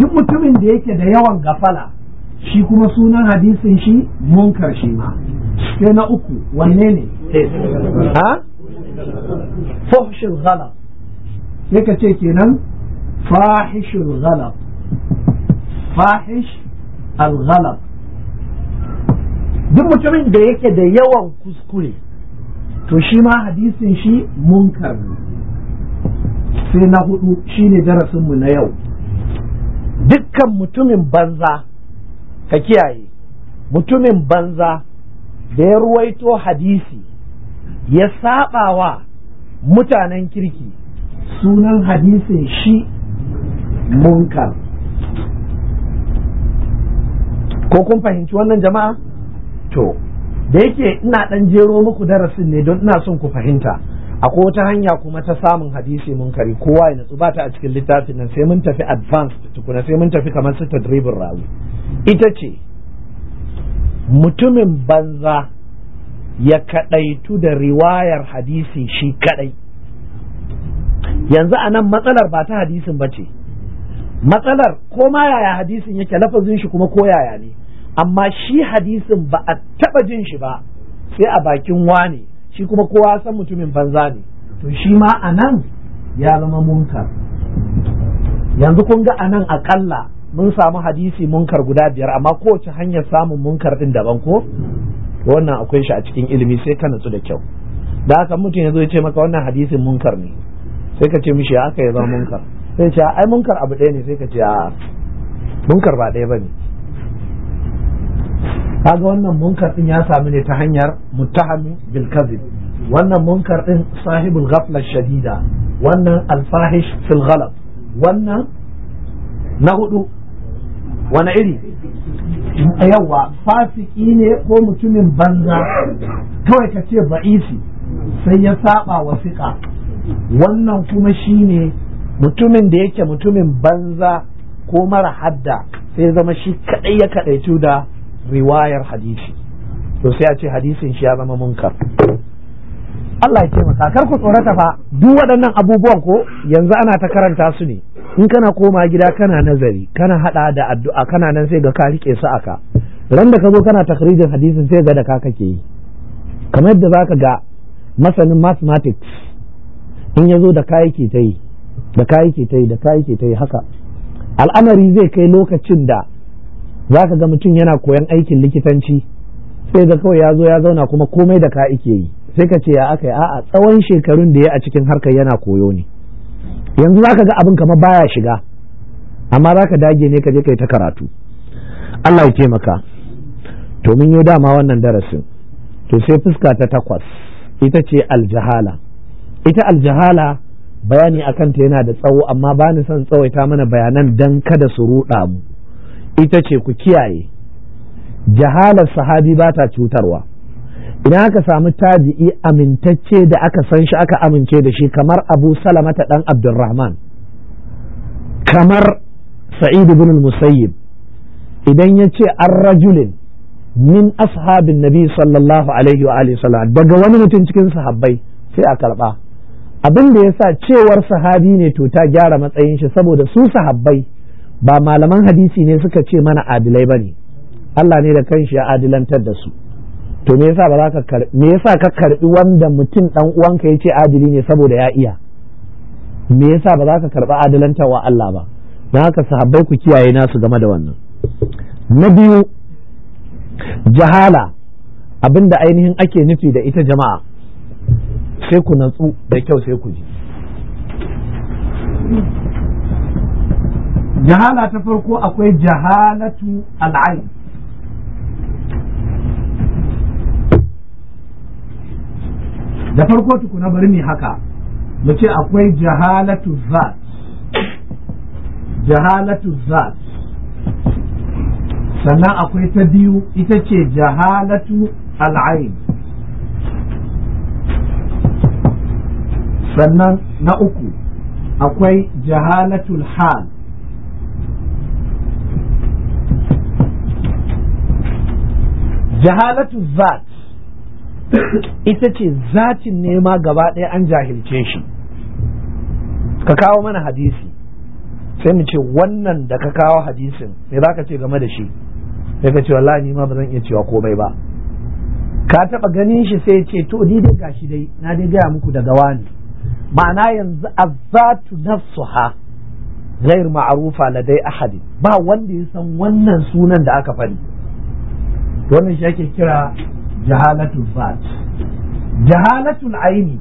duk mutumin da yake da yawan gafala shi kuma sunan hadisin shi munkar shi ma sai na uku wanne ne ha fahshul ghalab sai ka ce kenan fahishul ghalab fahish al ghalab duk mutumin da yake da yawan kuskure to shi ma hadisin shi munkar sai na hudu shine darasinmu na yau dukkan mutumin banza ka kiyaye mutumin banza da ya ruwaito hadisi ya saba wa mutanen kirki sunan hadisin shi munkar ko kun fahimci wannan jama'a to da yake ina dan jero muku darasin ne don ina son ku fahimta akwai wata hanya kuma ta samun hadisi mun kari kowa ya natsu bata a cikin littafin nan sai mun tafi advanced tukuna sai mun tafi kamar su tadribin rawi ita ce mutumin banza ya kadaitu da riwayar hadisi shi kadai yanzu anan matsalar ba ta hadisin ba ce matsalar ko ma yaya hadisin yake lafazin shi kuma ko yaya ne amma shi hadisin ba a taɓa jin shi ba sai a bakin wane shi kuma kowa san mutumin banza ne to shi ma a nan ya zama munkar yanzu kun ga a nan aƙalla mun samu hadisi munkar guda biyar amma kowace hanyar samun munkar ɗin daban ko wannan akwai shi a cikin ilimi sai ka natsu da kyau da haka mutum ya zo ya ce maka wannan hadisin munkar ne sai ka ce mishi aka ya zama munkar sai ce ai munkar abu ɗaya ne sai ka ce a munkar ba ɗaya ba ne kaga wannan munkar din ya sami ne ta hanyar muttahami bil wannan munkar din sahibul ghafla shadida wannan alfahish fil ghalab wannan na hudu wani iri yawa fasiki ne ko mutumin banza kawai ka ce ba'isi sai ya saba wa wannan kuma shine mutumin da yake mutumin banza ko mara hadda sai zama shi kadai ya kadaitu da riwayar hadisi to sai a ce hadisin shi ya zama munkar Allah ya taimaka kar ku tsorata fa duk waɗannan abubuwan ko yanzu ana ta karanta su ne in kana koma gida kana nazari kana hada da addu'a kana nan sai ga ka rike su aka ran da ka zo kana takrijin hadisin sai ga da ka kake yi kamar yadda zaka ga masanin mathematics in yazo zo da kayi ke ta yi da kayi ke ta yi da kayi ke ta yi haka al'amari zai kai lokacin da za ka ga mutum yana koyan aikin likitanci sai ga kawai ya zo ya zauna kuma komai da ka ike yi sai ka ce ya aka yi a'a tsawon shekarun da ya a cikin harkar yana koyo ne yanzu za ka ga abin kamar baya shiga amma za ka dage ne ka je kai ta karatu Allah ya taimaka to mun yi dama wannan darasin to sai fuska ta takwas ita ce aljahala ita aljahala bayani akan ta yana da tsawo amma ba ni son tsawaita mana bayanan dan kada su ruɗa mu ita ce ku kiyaye jahalar sahabi ba ta cutarwa idan aka samu tabi'i amintacce da aka san shi aka amince da shi kamar abu salamata dan abdulrahman kamar sa'id ibn musayyib idan ya ce an rajulin min ashabin nabi sallallahu alaihi wa sallam daga wani mutum cikin sahabbai sai a karɓa Abinda ya sa cewar sahabi ne to ta gyara matsayin shi saboda su sahabbai ba malaman hadisi ne suka ce mana adilai ba ne. Allah ne da kanshi ya adilantar da su to me yasa ba za ka karbi me yasa ka karbi wanda mutum dan uwanka yace adili ne saboda ya iya me yasa ba za ka karba wa Allah ba don haka sahabbai ku kiyaye nasu game da wannan na biyu jahala abinda ainihin ake nufi da ita jama'a sai ku natsu da kyau sai ku ji jahala ta farko akwai jahalatu al'ain da farko tukuna bari ne haka mu ce akwai jahalatu zat jahalatu zat sannan akwai ta biyu ita ce jahalatu al'ain sannan na uku akwai jahalatul hal jahalatu zat ita ce zatin nema gaba ɗaya an jahilce shi ka kawo mana hadisi sai mu ce wannan da ka kawo hadisin me za ka ce game da shi sai ka ce wallahi ni ma ba zan iya cewa komai ba ka taba ganin shi sai ce to ni dai shi dai na dai gaya muku daga wani ma'ana yanzu azzatu nafsuha ma'arufa ma'arufa ladai ahadi? ba wanda ya san wannan sunan da aka faɗi to wannan shi ake kira jahalatul bat jahalatul aini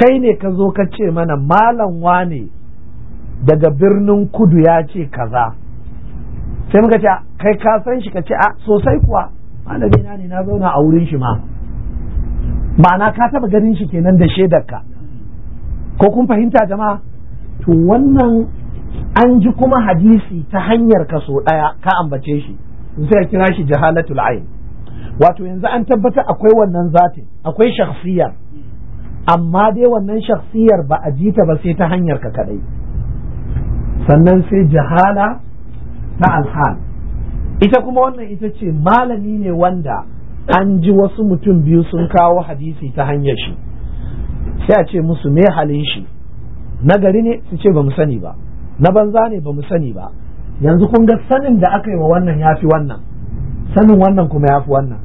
kai ne ka zo ka ce mana malam wane daga birnin kudu ya ce kaza sai muka ce kai ka san shi ka ce a sosai kuwa malami na ne na zauna a wurin shi ma ma'ana ka taba ganin shi kenan da shaidarka ko kun fahimta jama'a to wannan an ji kuma hadisi ta hanyar ka so ɗaya ka ambace shi sai kira shi jahalatul ayn wato yanzu an tabbatar akwai wannan zatin akwai shakhsiyar amma dai wannan shakhsiyar ba a ji ta ba sai ta hanyar ka kadai sannan sai jahala ta alhan. ita kuma wannan ita ce malami ne wanda an ji wasu mutum biyu sun kawo hadisi ta hanyar shi sai a ce musu me halin shi na gari ne su ce ba mu sani ba na banza ne ba mu sani ba yanzu kun ga sanin da aka yi wa wannan ya fi wannan sanin wannan kuma ya fi wannan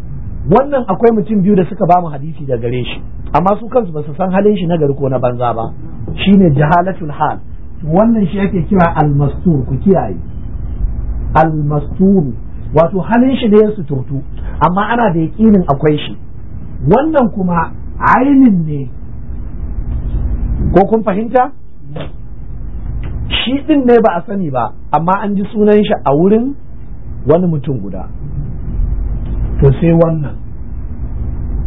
wannan akwai mutum biyu da suka ba mu hadisi da gare shi amma su kansu ba su san halin shi na gari ko na banza ba shine jahalatul hal wannan shi yake kira almastur ku kiyaye almastur wato halin shi ne ya suturtu amma ana da yaƙinin akwai shi wannan kuma ainin ne ko kun fahimta shi ɗin ne ba a sani ba amma an ji sunan shi a wurin wani mutum guda to sai wannan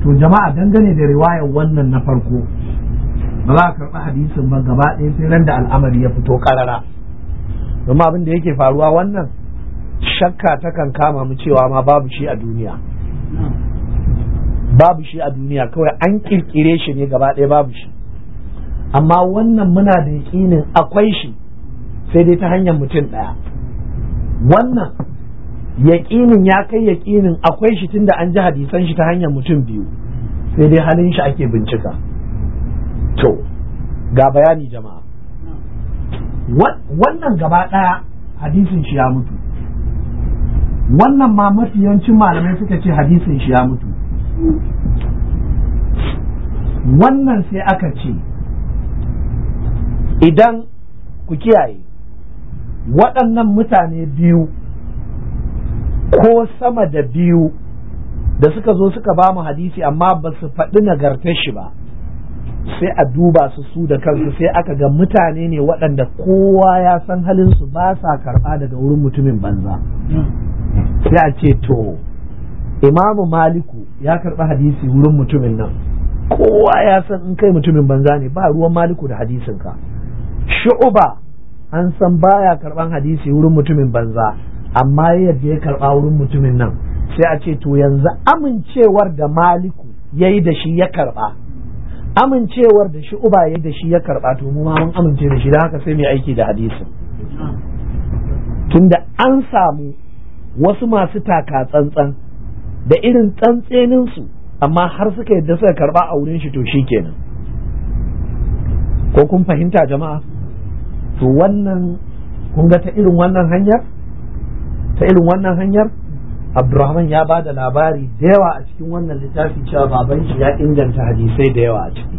to jama'a dangane da riwayar wannan na farko ba za a karɓi hadisin ba gaba ɗaya sai ran da al'amari ya fito karara domin abin da yake faruwa wannan shakka takan kama mu cewa ma babu shi a duniya babu shi a duniya kawai an ƙirƙire shi ne gaba ɗaya babu shi amma wannan muna da yaƙinin akwai shi sai dai ta hanyar mutum ɗaya wannan yaƙinin ya kai yaƙinin akwai shi tunda an ji hadisan shi ta hanyar mutum biyu sai dai halin shi ake bincika to ga bayani jama'a wannan gaba ɗaya hadisin shi ya mutu wannan ma mafi yawancin malamai suka ce hadisin shi ya mutu wannan sai aka ce idan ku kiyaye waɗannan mutane biyu ko sama da biyu da suka zo suka ba mu hadisi amma ba su faɗi nagartar shi ba sai a duba su su da kansu sai aka ga mutane ne waɗanda kowa ya san halinsu ba sa karɓa daga wurin mutumin banza sai a ce to imamu maliku ya karɓi hadisi wurin mutumin nan kowa ya san in kai mutumin banza ne ba ruwan maliku da hadisinka shu'uba an san baya karban hadisi wurin mutumin banza amma yadda ya karba wurin mutumin nan sai a ce to yanzu amincewar da maliku yayi da shi ya karba amincewar da shi uba yayi da shi ya karba to mu ma mun amince da shi dan haka sai mu aiki da hadisin tunda an samu wasu masu taka tsantsan da irin tsantsenin su amma har suka yarda suka karba a wurin shi to shikenan ko kun fahimta jama'a to wannan kun ga ta irin wannan hanyar ta irin wannan hanyar abdurrahman ya ba da labari da yawa a cikin wannan littafin cewa baban shi ya inganta hadisai da yawa a ciki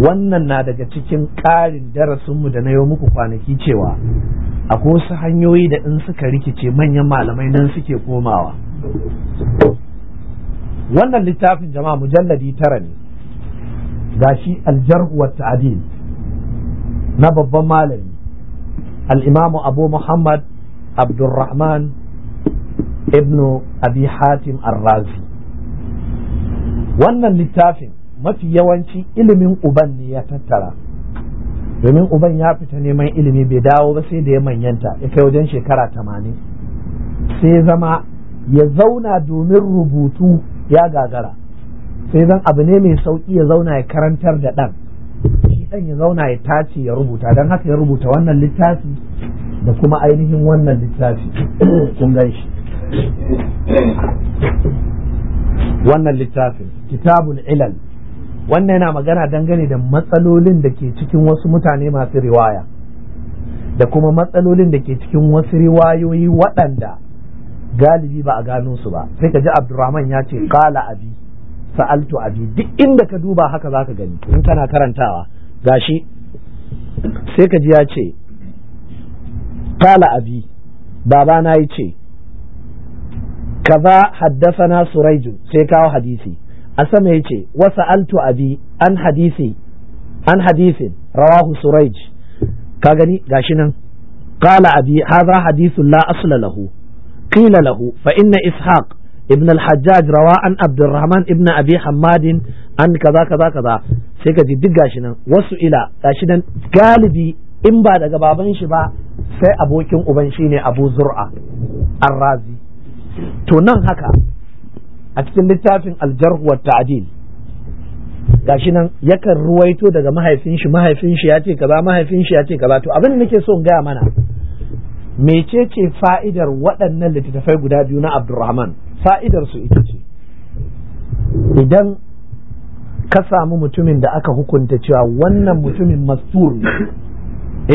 wannan na daga cikin ƙarin mu da na yau muku kwanaki cewa akwai wasu hanyoyi da in suka rikice manyan malamai nan suke komawa wannan littafin jama'a mujalladi tara ne gashi aljarhu wa ta'dil na babban malami al'imamu abu muhammad Abdulrahman ibnu abi hatim arrazi wannan littafin mafi yawanci ilimin uban ne ya tattara domin uban ya fita neman ilimi bai dawo ba sai da ya manyanta ya kai wajen shekara tamanin sai zama ya zauna domin rubutu ya gagara sai zan abu ne mai sauƙi ya zauna ya karantar da ɗan dan ya zauna ya tace ya rubuta dan haka ya rubuta wannan littafi da kuma ainihin wannan littafi <coughs> kun wannan littafin kitabul ilal wannan yana magana dangane da matsalolin da ke cikin wasu mutane masu riwaya da kuma matsalolin da ke cikin wasu riwayoyi waɗanda galibi ba a gano su ba sai ka ji abdurrahman ya ce kala abi sa'altu abi duk inda ka duba haka za ka gani in kana karantawa gashi sai ka ce tala abi baba na ce kaza haddasana suraiju sai kawo hadisi a sama ya ce wasa altu abi an hadisi an hadisin rawahu suraij ka gani gashi nan abi hadha hadithun la asla lahu qila lahu fa inna ishaq ibn al-hajjaj rawa an abdulrahman ibn abi hamadin. an kaza kaza kaza sai ka ji duk gashi nan wasu ila gashi nan galibi in ba daga baban shi ba sai abokin uban shi ne abu zur'a arrazi to nan haka a cikin littafin aljarhu wa ta'dil gashi nan yakan ruwaito daga mahaifin shi mahaifin shi ya ce kaza mahaifin shi ya ce kaza to abin da nake so in gaya mana mecece fa'idar waɗannan littattafai guda biyu na Abdulrahman fa'idar su ita ce idan ka samu mutumin da aka hukunta cewa wannan mutumin mastur ne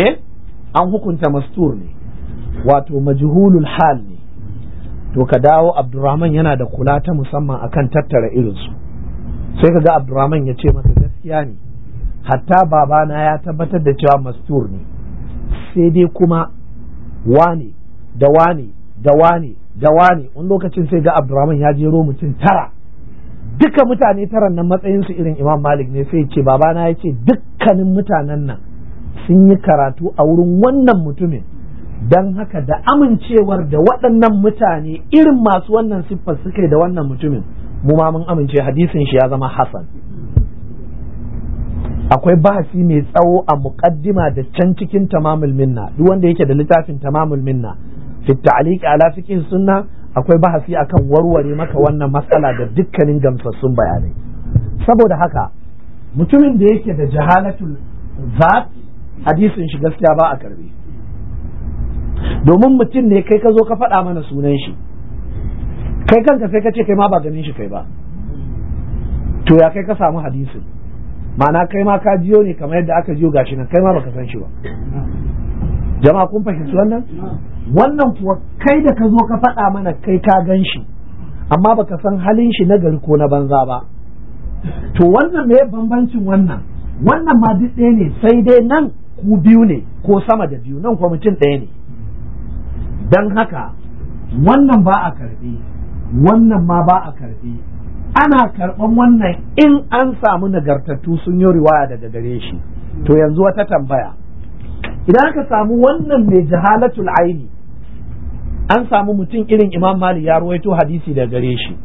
eh an hukunta mastur ne wato majhulul hal ne to ka dawo abdurrahman yana da kula ta musamman akan tattara su. sai ka ga abdurrahman ya ce masa gaskiya ne hatta babana ya tabbatar da cewa mastur ne sai dai kuma wane da wane da wane da wane wani lokacin sai ga abdurrahman ya jero mutum tara duka mutane taran nan su irin imam malik ne sai ce babana ya ce dukkanin mutanen nan sun yi karatu a wurin wannan mutumin don haka da amincewar da waɗannan mutane irin masu wannan siffar suke da wannan mutumin mu ma mun amince hadisin shi ya zama hasan akwai bahasi mai tsawo a muqaddima da can cikin tamamul minna duk wanda yake da littafin tamamul minna fi ta'liq ala fiqh sunna akwai bahasi akan warware maka wannan matsala da dukkanin gamsassun bayanai saboda haka mutumin da yake da jahalatul zat hadisin shi gaskiya ba a karbe domin mutum ne kai ka zo ka faɗa mana sunan shi kai kanka sai ka ce kai ma ba ganin shi kai ba to ya kai ka samu hadisin ma'ana kai ma ka jiyo ne kamar yadda aka jiyo gashi nan kai ma baka san shi ba jama'a kun fahimci wannan wannan kuwa kai da ka zo ka faɗa mana kai ka gan shi amma baka san halin shi na gari ko na banza ba to wannan me bambancin wannan wannan ma duk ɗaya ne sai dai nan ku biyu ne ko sama da biyu nan kuwa mutum ɗaya ne don haka wannan ba a karɓi wannan ma ba a karɓi ana karɓan wannan in an samu nagartattu sun yi riwaya daga gare shi to yanzu wata tambaya idan aka samu wannan mai jahalatul aini an samu mutum irin imam malik ya ruwaito hadisi da gare shi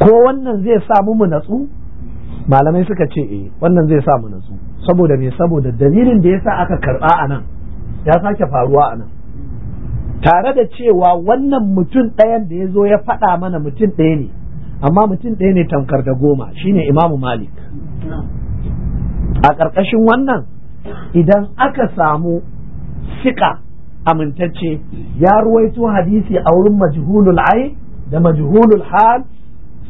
ko wannan zai samu mu natsu malamai suka ce eh wannan zai samu natsu saboda me saboda dalilin da yasa aka karba a nan ya sake faruwa a nan tare da cewa wannan mutum ɗayan da ya zo ya faɗa mana mutum ɗaya ne amma mutum ɗaya ne tamkar da goma shine imamu malik a ƙarƙashin wannan idan aka samu siƙa amintacce ya ruwaito hadisi a wurin majhulul ai da majhulul hal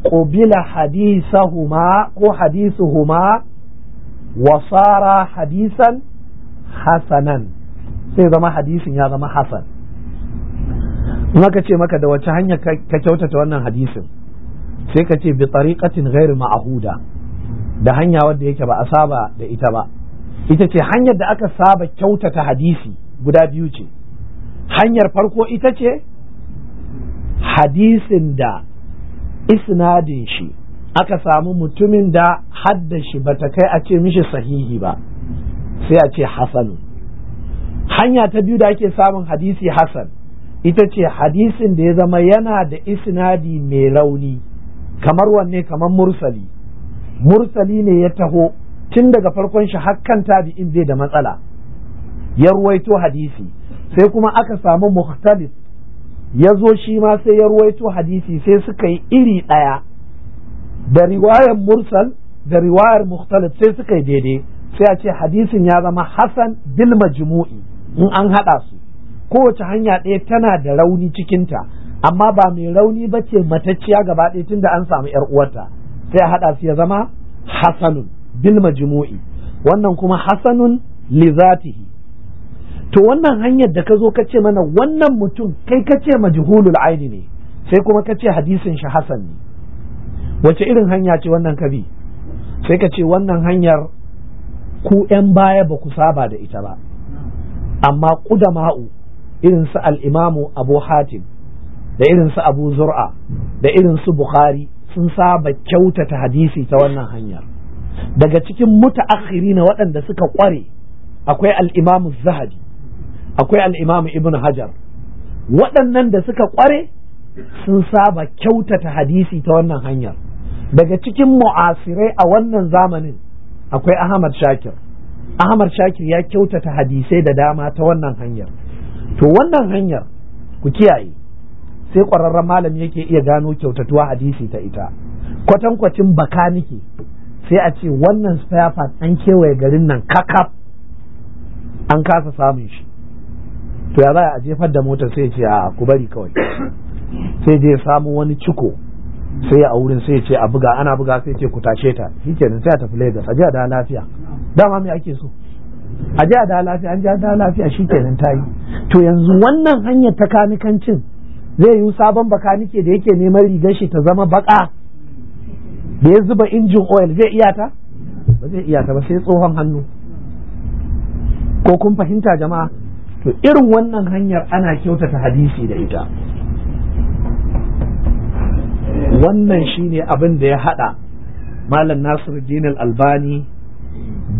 qubila hadisahuma ko hadisuhuma wa sara hadisan hasanan sai zama hadisin ya zama hasan maka ce maka da wace hanya ka kyautata wannan hadisin sai ka ce bi tariqatin ghairu ma'huda da hanya wadda yake ba a saba da ita ba ita ce hanyar da aka saba kyautata hadisi guda biyu ce hanyar farko ita ce hadisin da isnadin shi aka samu mutumin da haddashi ba ta kai a ce mishi sahihi ba sai a ce hasan hanya ta biyu da ake samun hadisi hasan ita ce hadisin da ya zama yana da isnadi mai rauni kamar wanne kamar mursali mursali ne ya taho tun daga farkon shi har kan tabi'in bai da matsala ya ruwaito hadisi sai kuma aka samu muhtalif ya zo shi ma sai ya ruwaito hadisi sai suka yi iri ɗaya da riwayar mursal da riwayar muhtalif sai suka yi daidai sai a ce hadisin ya zama Hassan bil majmu'i in an haɗa su kowace hanya ɗaya tana da rauni cikinta amma ba mai rauni ba ce matacciya gaba ɗaya da an samu ‘yar uwarta sai a haɗa su ya zama hasanun bil majmu'i wannan kuma Hassanun li to wannan hanyar da ka zo ka ce mana wannan mutum kai ka ce majhulul aini ne sai kuma ka ce hadisin shi hasan ne wace irin hanya ce wannan bi? sai ka ce wannan hanyar ku 'yan baya ba ku saba da ita ba amma ƙudama'u irin su al'imamu abu hatim da irin su abu zur'a da irin su bukhari sun saba kyautata hadisi ta wannan hanyar daga cikin mutaakhiri na waɗanda suka ƙware akwai al'imamu Zahadi. akwai al'imam ibn hajar waɗannan da suka ƙware sun saba kyautata hadisi ta wannan hanyar daga cikin mu'asirai a wannan zamanin akwai ahmad shakir ahmad shakir ya kyautata hadisai da dama ta wannan hanyar to wannan hanyar ku kiyaye sai ƙwararren malam yake iya gano kyautatuwa hadisi ta ita kwatankwacin nike sai a ce wannan spare part an kewaye garin nan kakaf an kasa samun shi to ya za a jefar da motar sai ce a ku bari kawai sai je samu wani ciko sai a wurin sai ce a buga ana buga sai ce ku tashe ta shi ke sai a tafi Lagos a jiya da lafiya dama me ake so a jiya da lafiya an jiya da lafiya shi kenan ta yi to yanzu wannan hanyar ta kanikancin zai yi sabon baka nike da yake neman rigar shi ta zama baka da ya zuba injin oil zai iya ta ba zai iya ta ba sai tsohon hannu ko kun fahimta jama'a to irin wannan hanyar ana kyautata hadisi da ita wannan shine abin da ya hada malam Nasiru, al-albani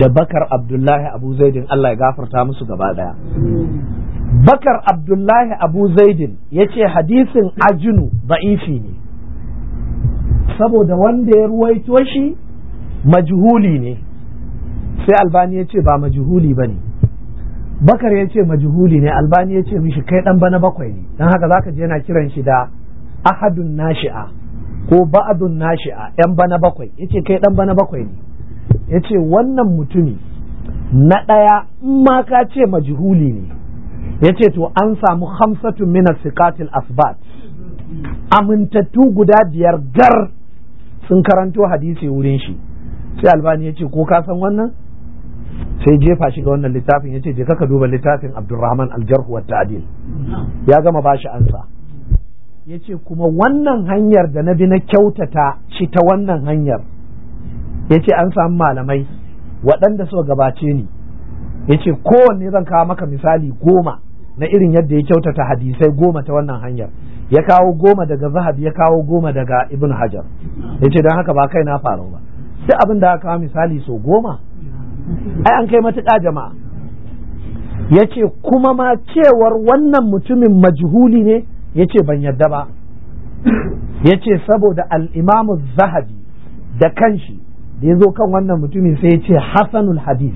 da bakar abdullahi abu zaidin Allah ya gafarta musu gaba daya bakar abdullahi abu zaidin ya ce hadisin ajinu ba'ifi ne saboda wanda ya ruwaito shi majhuli ne sai albani ya ce ba majhuli ba ne bakar ya ce majhuli ne albani ya ce mishi kai dan bana bakwai ne dan haka zaka je yana kiran shi da ahadun nashi'a ko ba'adun nashi'a yan bana bakwai yace kai dan bana bakwai ne yace wannan mutumi na ɗaya in ma ka ce majhuli ne yace to an samu hamsatu min siqatil asbat amintattu guda biyar gar sun karanto hadisi wurin shi sai albani yace ko ka san wannan sai jefa shi ga wannan littafin ce je kaka duba littafin Abdurrahman Aljarhu wa Ta'dil ya gama ba bashi ansa ce kuma wannan hanyar da na bi na kyautata shi ta wannan hanyar Ya ce an samu malamai waɗanda suka gabace ni Ya yace kowanne zan kawo maka misali goma na irin yadda ya kyautata hadisai goma ta wannan hanyar ya kawo goma daga Zahab ya kawo goma daga ibn hajar Ya ce don haka ba kai na faru ba sai abin da aka kawo misali sau goma ai an kai matuƙa jama'a ya ce kuma ma cewar wannan mutumin majhuli ne ya ce ban yadda ba ya ce saboda al'imamu zahabi da kanshi da ya zo kan wannan mutumin sai ya ce hasanul hadis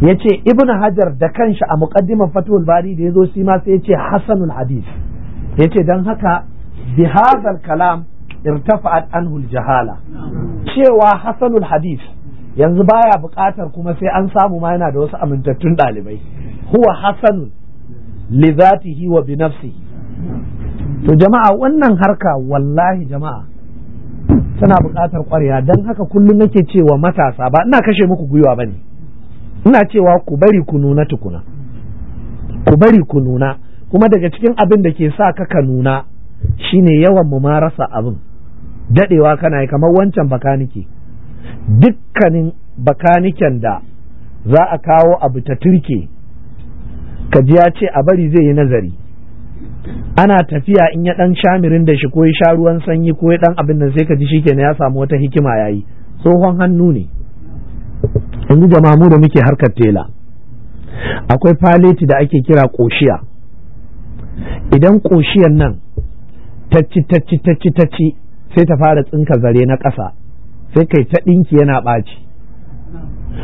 ya ce ibn hajar da kanshi a muƙaddimar fatuwar bari da ya zo shi sai ya ce hasanul hadis ya ce don haka bi kalam irtafa'at anhul jahala cewa Hassanul hadis yanzu baya buƙatar kuma sai an samu ma yana da wasu amintattun ɗalibai huwa hasanun li zatihi wa bi to jama'a wannan harka wallahi jama'a tana buƙatar ƙwarya don haka kullum nake cewa matasa ba ina kashe muku gwiwa bane ina cewa ku bari ku nuna tukuna ku bari ku nuna kuma daga cikin abin da ke sa ka ka nuna shine yawan mu ma rasa abin dadewa kana yi kamar wancan bakanike dukkanin bakaniken da za a kawo abu ta turke kaji ya ce a bari zai yi nazari ana tafiya in ya dan shamirin da shi ko ya sha ruwan sanyi ko ya dan abin nan sai ka ji shikenan ya samu wata hikima yayi tsohon hannu ne yanzu jama'a mu da muke harkar tela akwai faleti da ake kira koshiya idan koshiyan nan tacci tacci tacci tacci sai ta fara tsinka zare na ƙasa sai kai ta ɗinki yana ɓaci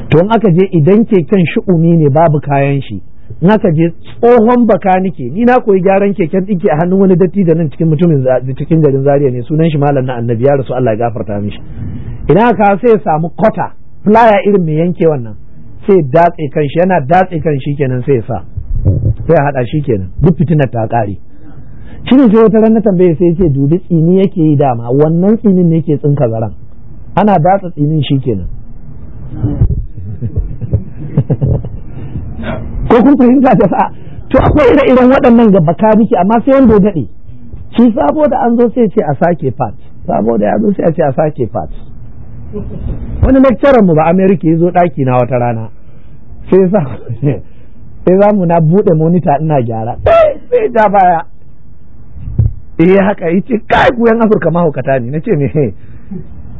to in aka je idan keken shi'umi ne babu kayan shi in aka je tsohon baka nike ni na koyi gyaran keken ɗinki a hannun wani datti da nan cikin mutumin cikin garin zaria ne sunan shi malam na annabi ya rasu Allah ya gafarta mishi idan aka sai ya samu kota flyer irin mai yanke wannan sai datse kanshi yana datse kanshi kenan sai ya sa sai ya hada shi kenan duk fitinar ta kare shirin sai wata ranar tambaye sai ce dubi tsini yake yi dama wannan tsinin ne ke tsinka zaran ana datsa tsinin shi kenan ko kun fahimta ta sa to akwai ire-iren waɗannan ga baka miki amma sai wanda ya daɗe shi sabo da an zo sai ce a sake fat sabo da ya zo sai a ce a sake fat wani lecturer mu ba america ya zo ɗaki na wata rana sai sa sai za mu na buɗe monita ina gyara sai da baya eh haka yace kai ku yan afirka mahaukata ne nace me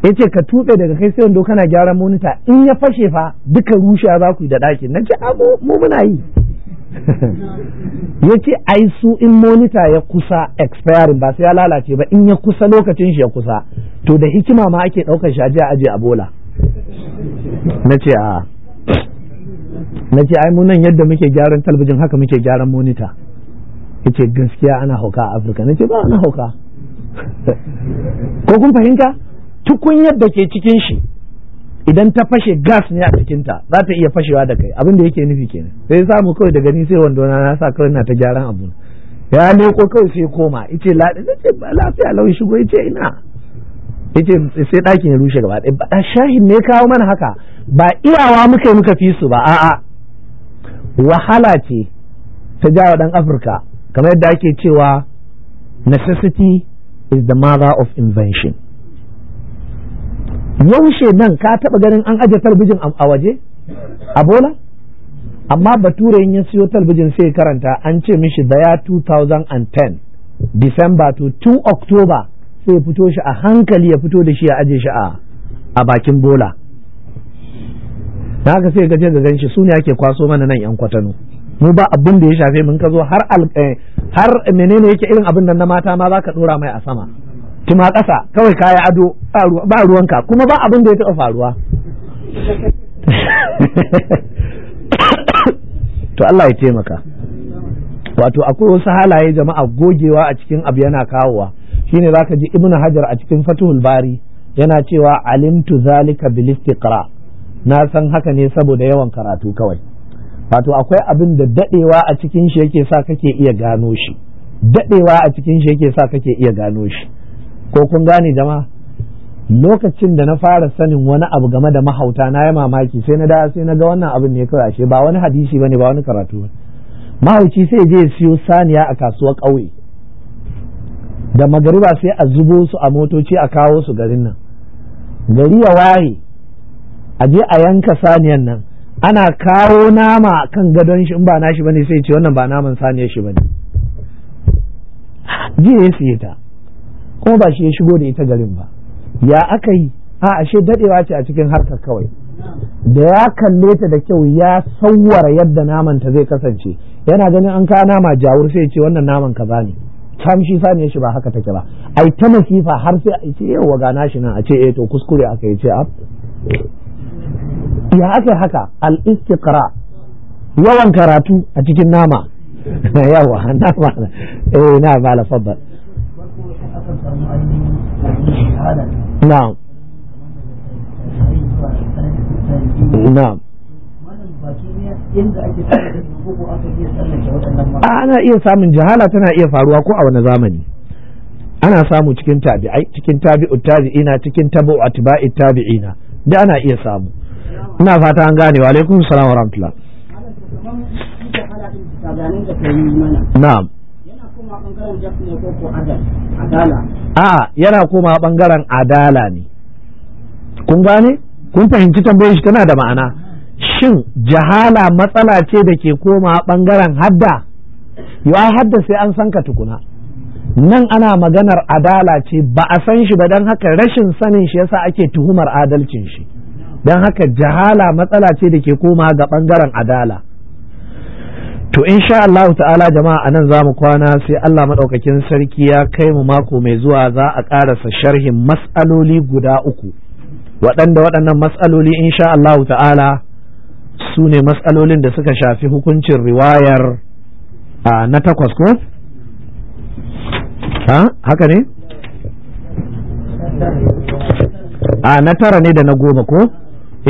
ya ce ka tuɓe daga kai sai wando kana gyaran monita in ya fashe fa duka rushe za ku yi da ɗakin na ce abu mu muna yi <laughs> ya ce ai su in monita ya kusa expiring ba sai ya lalace ba in ya kusa lokacin shi ya kusa to da hikima ma ake ɗaukar shi aje aje a bola na ce a na ce ai munan yadda muke gyaran talabijin haka muke gyaran monita ya ce gaskiya ana hauka a afirka na ce ba ana hauka <laughs> ko kun fahimta tukunyar da ke cikin shi idan ta fashe gas ne a cikinta za ta iya fashewa da kai abin da yake nufi kenan sai mu kawai daga ni sai wando na sa kawai na ta gyaran abu ya leko kawai sai koma ba lafiya lau shigo yace ina yace sai daki ya rushe gaba ɗaya shahin ne kawo mana haka ba iyawa muka yi muka fi su ba a'a wahala ce ta jawa dan afirka kamar yadda ake cewa necessity is the mother of invention yaushe nan ka taɓa ganin an aje talbijin a waje a bola amma bature ya siyo talbijin sai karanta an ce mishi daya 2010 December to 2 October sai fito shi a hankali ya fito da shi ya aje shi a bakin bola haka sai gaje ga ganshi su ne ake kwaso mana nan yan kwatano mu ba abin da ya shafe mun ka zo eh, har menene yake irin abin nan na mata ma zaka dora mai a sama tuma ƙasa kawai kaya ado ba ruwanka kuma ba abin da ya taɓa faruwa to Allah ya taimaka wato akwai wasu halaye jama'a gogewa a cikin abu yana kawowa shine zaka ji ibn hajar a cikin fatuhul bari yana cewa alimtu zalika bil istiqra na san haka ne saboda yawan karatu kawai wato akwai abin da dadewa a cikin shi yake sa kake iya gano shi dadewa a cikin shi yake sa kake iya gano shi ko kun gane jama lokacin da na fara sanin wani abu game da mahauta na ya mamaki sai na da sai na ga wannan abin ne kawai ashe ba wani hadisi bane ba wani karatu ba mahauci sai je ya siyo saniya a kasuwar kauye. da magariba sai a zubo su a motoci a kawo su garin nan gari ya waye a je a yanka saniyan nan ana kawo nama kan gadon shi in ba nashi bane sai ce wannan ba naman saniyar shi bane jiya ya siye ta kuma ba shi ya shigo da ita garin ba ya aka yi a ashe dadewa ce a cikin harkar kawai da ya kalle ta da kyau ya sauwara yadda naman ta zai kasance yana ganin an ka nama jawur sai ya ce wannan naman ka bani tam shi sani shi ba haka take ba ai ta masifa har sai ai ce yau ga nashi nan a ce eh to kuskure aka yi ce a ah. ya aka haka al istiqra yawan karatu a cikin nama <laughs> yawa nama eh na ba la نعم نعم ana iya samun jahala tana iya faruwa ko a wani zamani ana samu cikin tabi'ai cikin tabiu tabi'ina cikin tabu'u atba'it tabi'ina da ana iya samu ina fata an gane wa alaikum salam wa rahmatullah na'am a'a yana koma bangaren adala ne kun gane kun fahimci tambayin shi tana da ma'ana shin jahala matsala ce da ke koma bangaren hadda yawa hadda sai an san ka tukuna nan ana maganar adala ce ba a san shi ba don haka rashin sanin shi yasa ake tuhumar adalcin shi don haka jahala matsala ce da ke koma ga bangaren adala to in sha Allah ta'ala jama'a anan za mu kwana sai Allah maɗaukakin sarki ya kai mu mako mai zuwa za a ƙarasa sharhin mas'aloli guda uku waɗanda waɗannan mas'aloli sha Allah ta'ala su ne mas'alolin da suka shafi hukuncin riwayar na takwas ko? haka ne? a na tara ne da na goma ko?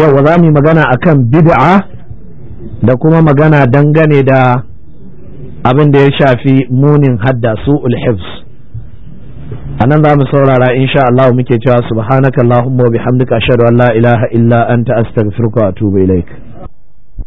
yau za mu yi magana akan bid'a da kuma magana dangane da abin da ya shafi munin hadda su'ul hifz a nan za mu saurara insha Allah muke cewa subhanakallahumma wa bihamdika ashhadu an la ilaha illa anta astaghfiruka wa atubu ilaik